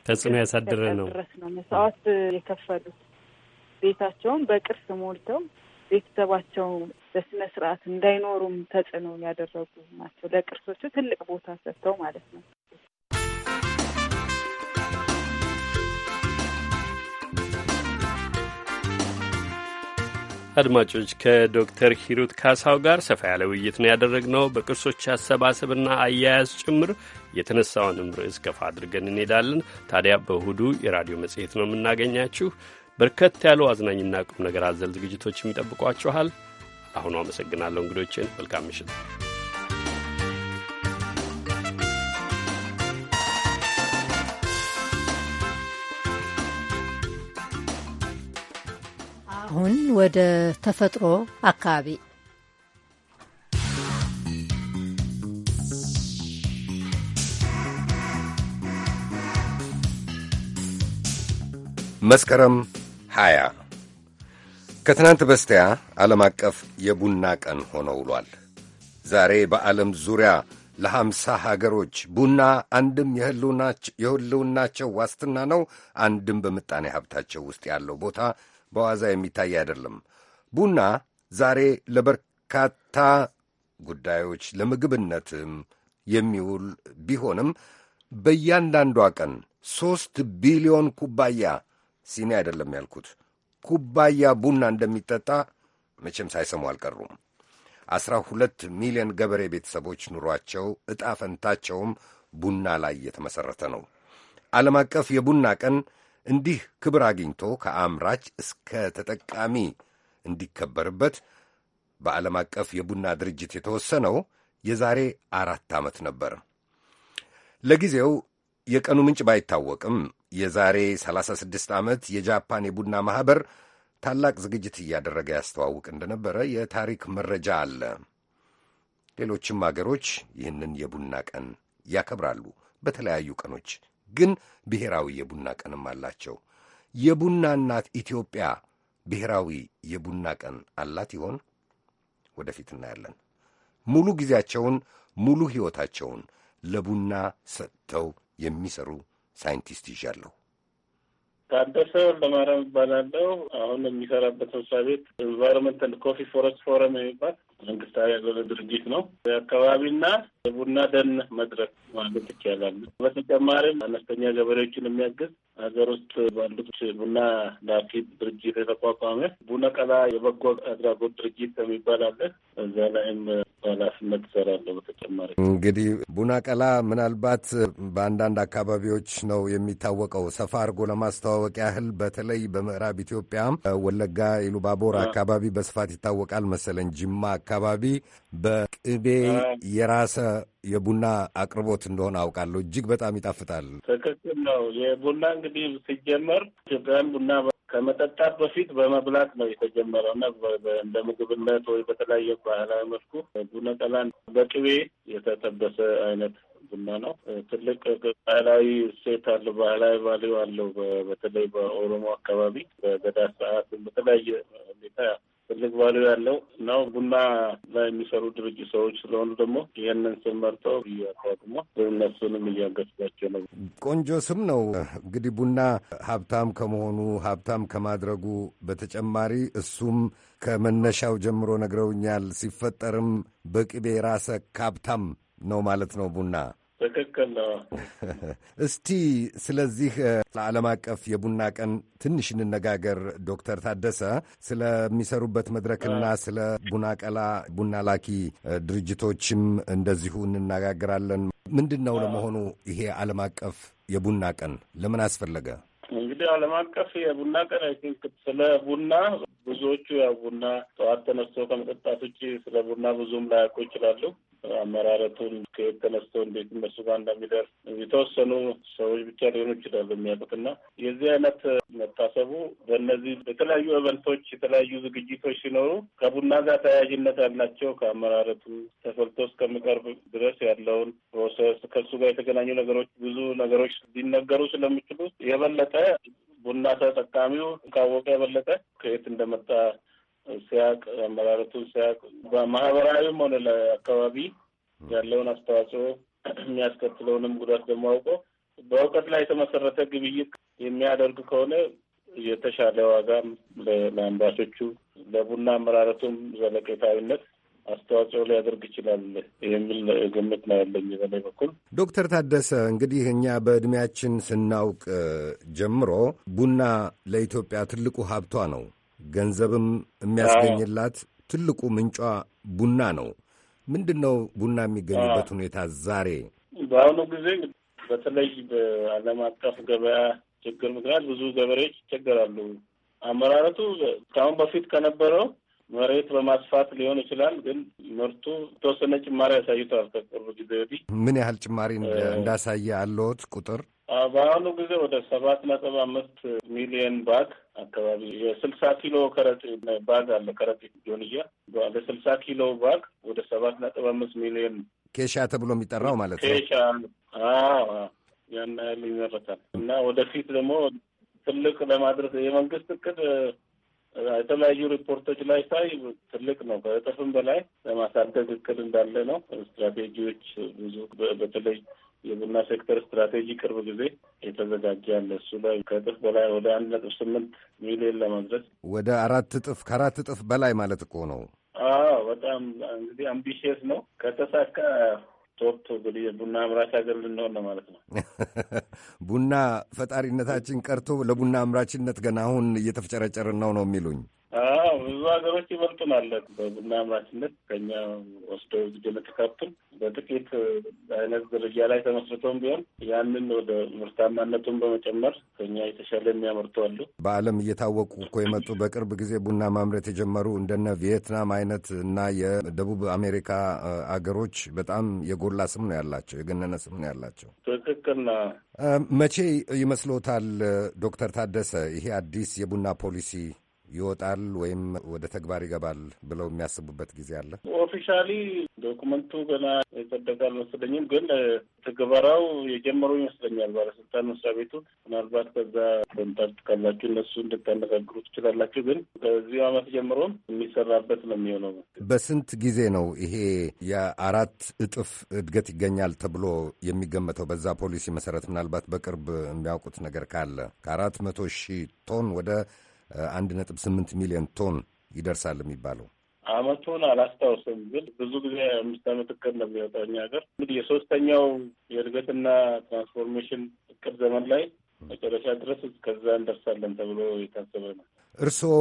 ተጽዕኖ ያሳደረ ነው ነው መስዋዕት የከፈሉት ቤታቸውን በቅርስ ሞልተው ቤተሰባቸው በስነ ስርዓት እንዳይኖሩም ተጽዕኖ ያደረጉ ናቸው። ለቅርሶቹ ትልቅ ቦታ ሰጥተው ማለት ነው። አድማጮች ከዶክተር ሂሩት ካሳው ጋር ሰፋ ያለ ውይይት ነው ያደረግነው። በቅርሶች አሰባሰብና አያያዝ ጭምር የተነሳውንም ርዕስ ገፋ አድርገን እንሄዳለን። ታዲያ በእሁዱ የራዲዮ መጽሔት ነው የምናገኛችሁ። በርከት ያሉ አዝናኝና ቁም ነገር አዘል ዝግጅቶች ይጠብቋችኋል። አሁኑ አመሰግናለሁ እንግዶችን። መልካም ምሽት። አሁን ወደ ተፈጥሮ አካባቢ መስከረም 20 ከትናንት በስቲያ ዓለም አቀፍ የቡና ቀን ሆኖ ውሏል። ዛሬ በዓለም ዙሪያ ለሐምሳ ሀገሮች ቡና አንድም የሁልውናቸው ዋስትና ነው፣ አንድም በምጣኔ ሀብታቸው ውስጥ ያለው ቦታ በዋዛ የሚታይ አይደለም። ቡና ዛሬ ለበርካታ ጉዳዮች ለምግብነትም የሚውል ቢሆንም በእያንዳንዷ ቀን ሦስት ቢሊዮን ኩባያ ሲኒ አይደለም ያልኩት፣ ኩባያ ቡና እንደሚጠጣ መቼም ሳይሰሙ አልቀሩም። አስራ ሁለት ሚሊዮን ገበሬ ቤተሰቦች ኑሯቸው ዕጣ ፈንታቸውም ቡና ላይ የተመሠረተ ነው። ዓለም አቀፍ የቡና ቀን እንዲህ ክብር አግኝቶ ከአምራች እስከ ተጠቃሚ እንዲከበርበት በዓለም አቀፍ የቡና ድርጅት የተወሰነው የዛሬ አራት ዓመት ነበር። ለጊዜው የቀኑ ምንጭ ባይታወቅም የዛሬ 36 ዓመት የጃፓን የቡና ማኅበር ታላቅ ዝግጅት እያደረገ ያስተዋውቅ እንደነበረ የታሪክ መረጃ አለ። ሌሎችም አገሮች ይህንን የቡና ቀን ያከብራሉ። በተለያዩ ቀኖች ግን ብሔራዊ የቡና ቀንም አላቸው። የቡና እናት ኢትዮጵያ ብሔራዊ የቡና ቀን አላት ይሆን? ወደፊት እናያለን። ሙሉ ጊዜያቸውን ሙሉ ሕይወታቸውን ለቡና ሰጥተው የሚሰሩ ሳይንቲስት ይዣለሁ። ታደሰ ወልደማርያም ይባላለው። አሁን የሚሰራበት መስሪያ ቤት ኤንቫይሮንመንታል ኮፊ ፎረስት ፎረም የሚባል መንግስታዊ ያልሆነ ድርጅት ነው። አካባቢና የቡና ደን መድረክ ማለት ይቻላል። በተጨማሪም አነስተኛ ገበሬዎችን የሚያግዝ ሀገር ውስጥ ባሉት ቡና ላኪ ድርጅት የተቋቋመ ቡና ቀላ የበጎ አድራጎት ድርጅት የሚባል አለ። እዛ ላይም በኃላፊነት እሰራለሁ። በተጨማሪ እንግዲህ ቡና ቀላ ምናልባት በአንዳንድ አካባቢዎች ነው የሚታወቀው። ሰፋ አድርጎ ለማስተዋወቅ ያህል በተለይ በምዕራብ ኢትዮጵያ ወለጋ፣ ኢሉባቦር አካባቢ በስፋት ይታወቃል መሰለኝ። ጅማ አካባቢ በቅቤ የራሰ የቡና አቅርቦት እንደሆነ አውቃለሁ። እጅግ በጣም ይጣፍጣል። ትክክል ነው። የቡና እንግዲህ ሲጀመር ኢትዮጵያን ቡና ከመጠጣት በፊት በመብላት ነው የተጀመረው እና እንደ ምግብነት ወይ በተለያየ ባህላዊ መልኩ ቡና ጠላን በቅቤ የተጠበሰ አይነት ቡና ነው። ትልቅ ባህላዊ እሴት አለው። ባህላዊ ቫሊዩ አለው። በተለይ በኦሮሞ አካባቢ በገዳ ሰዓት በተለያየ ሁኔታ ትልቅ ባሉ ያለው ነው። ቡና ላይ የሚሰሩ ድርጅት ሰዎች ስለሆኑ ደግሞ ይህንን ስም መርተው እያቋቁሞ እነሱንም እያገዝጓቸው ነው። ቆንጆ ስም ነው። እንግዲህ ቡና ሀብታም ከመሆኑ ሀብታም ከማድረጉ በተጨማሪ እሱም ከመነሻው ጀምሮ ነግረውኛል፣ ሲፈጠርም በቅቤ ራሰ ካብታም ነው ማለት ነው ቡና ትክክል ነው። *laughs* እስቲ ስለዚህ ለዓለም አቀፍ የቡና ቀን ትንሽ እንነጋገር። ዶክተር ታደሰ ስለሚሰሩበት መድረክና ስለ ቡና ቀላ ቡና ላኪ ድርጅቶችም እንደዚሁ እንነጋግራለን። ምንድን ነው ለመሆኑ ይሄ ዓለም አቀፍ የቡና ቀን ለምን አስፈለገ? እንግዲህ ዓለም አቀፍ የቡና ቀን ስለ ቡና ብዙዎቹ ያው ቡና ጠዋት ተነስቶ ከመጠጣት ውጭ ስለ ቡና ብዙም ላያውቁ ይችላሉ። አመራረቱን ከየት ተነስቶ እንዴት እነሱ ጋር እንደሚደርስ የተወሰኑ ሰዎች ብቻ ሊሆኑ ይችላሉ የሚያውቁትና የዚህ አይነት መታሰቡ በእነዚህ የተለያዩ ኢቨንቶች የተለያዩ ዝግጅቶች ሲኖሩ ከቡና ጋር ተያያዥነት ያላቸው ከአመራረቱ ተፈልቶ እስከሚቀርብ ድረስ ያለውን ፕሮሰስ ከሱ ጋር የተገናኙ ነገሮች ብዙ ነገሮች ሊነገሩ ስለሚችሉ የበለጠ ቡና ተጠቃሚው ካወቀ የበለጠ ከየት እንደመጣ ሲያቅ አመራረቱ ሲያቅ በማህበራዊም ሆነ ለአካባቢ ያለውን አስተዋጽኦ የሚያስከትለውንም ጉዳት ደግሞ አውቆ በእውቀት ላይ የተመሰረተ ግብይት የሚያደርግ ከሆነ የተሻለ ዋጋም ለአምራቾቹ ለቡና አመራረቱም ዘለቄታዊነት አስተዋጽኦ ሊያደርግ ይችላል የሚል ግምት ነው ያለኝ በኔ በኩል። ዶክተር ታደሰ እንግዲህ እኛ በእድሜያችን ስናውቅ ጀምሮ ቡና ለኢትዮጵያ ትልቁ ሀብቷ ነው፣ ገንዘብም የሚያስገኝላት ትልቁ ምንጯ ቡና ነው። ምንድን ነው ቡና የሚገኝበት ሁኔታ ዛሬ በአሁኑ ጊዜ በተለይ በዓለም አቀፍ ገበያ ችግር ምክንያት ብዙ ገበሬዎች ይቸገራሉ። አመራረቱ ከአሁን በፊት ከነበረው መሬት በማስፋት ሊሆን ይችላል። ግን ምርቱ የተወሰነ ጭማሪ ያሳይቷል። ከቅርብ ጊዜ ወዲህ ምን ያህል ጭማሪ እንዳሳየ አለዎት ቁጥር? በአሁኑ ጊዜ ወደ ሰባት ነጥብ አምስት ሚሊየን ባግ አካባቢ የስልሳ ኪሎ ከረጢት ባግ አለ። ከረጢት ጆንያ ለስልሳ ኪሎ ባግ ወደ ሰባት ነጥብ አምስት ሚሊየን ኬሻ ተብሎ የሚጠራው ማለት ነው። ኬሻ ያን ያህል ይመረታል እና ወደፊት ደግሞ ትልቅ ለማድረስ የመንግስት እቅድ የተለያዩ ሪፖርቶች ላይ ሳይ ትልቅ ነው። ከእጥፍም በላይ ለማሳደግ እቅድ እንዳለ ነው። ስትራቴጂዎች ብዙ በተለይ የቡና ሴክተር ስትራቴጂ ቅርብ ጊዜ የተዘጋጀ ያለ እሱ ላይ ከእጥፍ በላይ ወደ አንድ ነጥብ ስምንት ሚሊዮን ለመድረስ ወደ አራት እጥፍ ከአራት እጥፍ በላይ ማለት እኮ ነው። አዎ በጣም እንግዲህ አምቢሽየስ ነው ከተሳካ ቶፕ እንግዲህ ቡና አምራች ሀገር ልንሆን ነው ማለት ነው። *laughs* ቡና ፈጣሪነታችን ቀርቶ ለቡና አምራችነት ገና አሁን እየተፍጨረጨርን ነው ነው የሚሉኝ ብዙ ሀገሮች ይበልጡናል በቡና አምራችነት ከኛ ወስደው የሚያካብቱም በጥቂት አይነት ደረጃ ላይ ተመስርተውም ቢሆን ያንን ወደ ምርታማነቱን በመጨመር ከኛ የተሻለ የሚያመርቱ አሉ። በዓለም እየታወቁ እኮ የመጡ በቅርብ ጊዜ ቡና ማምረት የጀመሩ እንደነ ቪየትናም አይነት እና የደቡብ አሜሪካ አገሮች በጣም የጎላ ስም ነው ያላቸው፣ የገነነ ስም ነው ያላቸው። ትክክልና መቼ ይመስሎታል ዶክተር ታደሰ ይሄ አዲስ የቡና ፖሊሲ ይወጣል ወይም ወደ ተግባር ይገባል ብለው የሚያስቡበት ጊዜ አለ? ኦፊሻሊ ዶኩመንቱ ገና የጸደቀ አልመሰለኝም፣ ግን ትግበራው የጀመሩ ይመስለኛል። ባለስልጣን መስሪያ ቤቱ ምናልባት ከዛ ኮንታክት ካላችሁ እነሱ እንድታነጋግሩ ትችላላችሁ። ግን ከዚሁ ዓመት ጀምሮም የሚሰራበት ነው የሚሆነው። በስንት ጊዜ ነው ይሄ የአራት እጥፍ እድገት ይገኛል ተብሎ የሚገመተው? በዛ ፖሊሲ መሰረት ምናልባት በቅርብ የሚያውቁት ነገር ካለ ከአራት መቶ ሺህ ቶን ወደ አንድ ነጥብ ስምንት ሚሊዮን ቶን ይደርሳል የሚባለው። አመቱን አላስታውስም፣ ግን ብዙ ጊዜ አምስት አመት እቅድ ነው የሚወጣው እኛ ሀገር። እንግዲህ የሶስተኛው የእድገትና ትራንስፎርሜሽን እቅድ ዘመን ላይ መጨረሻ ድረስ እስከዛ እንደርሳለን ተብሎ የታሰበ ነው። እርስዎ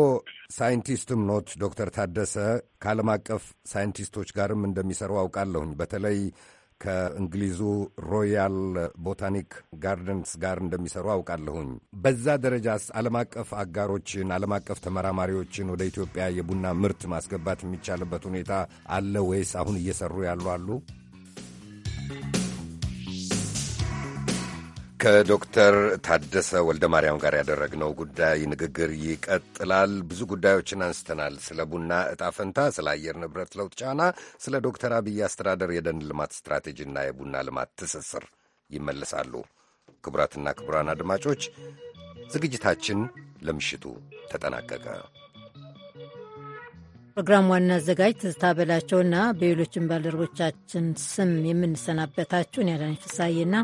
ሳይንቲስትም ኖት ዶክተር ታደሰ ከዓለም አቀፍ ሳይንቲስቶች ጋርም እንደሚሰሩ አውቃለሁኝ። በተለይ ከእንግሊዙ ሮያል ቦታኒክ ጋርደንስ ጋር እንደሚሰሩ አውቃለሁኝ። በዛ ደረጃስ ዓለም አቀፍ አጋሮችን፣ ዓለም አቀፍ ተመራማሪዎችን ወደ ኢትዮጵያ የቡና ምርት ማስገባት የሚቻልበት ሁኔታ አለ ወይስ አሁን እየሰሩ ያሉ አሉ? ከዶክተር ታደሰ ወልደ ማርያም ጋር ያደረግነው ጉዳይ ንግግር ይቀጥላል። ብዙ ጉዳዮችን አንስተናል። ስለ ቡና እጣ ፈንታ፣ ስለ አየር ንብረት ለውጥ ጫና፣ ስለ ዶክተር አብይ አስተዳደር የደን ልማት ስትራቴጂና የቡና ልማት ትስስር ይመለሳሉ። ክቡራትና ክቡራን አድማጮች ዝግጅታችን ለምሽቱ ተጠናቀቀ። ፕሮግራም ዋና አዘጋጅ ትዝታ በላቸውና በሌሎችን ባልደረቦቻችን ስም የምንሰናበታችሁን ያዳነች ፍሳዬና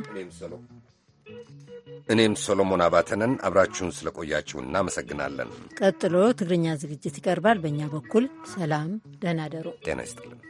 እኔም ሶሎሞን አባተንን አብራችሁን ስለቆያችሁ እናመሰግናለን። ቀጥሎ ትግርኛ ዝግጅት ይቀርባል። በእኛ በኩል ሰላም፣ ደህና ደሩ። ጤና ይስጥልን።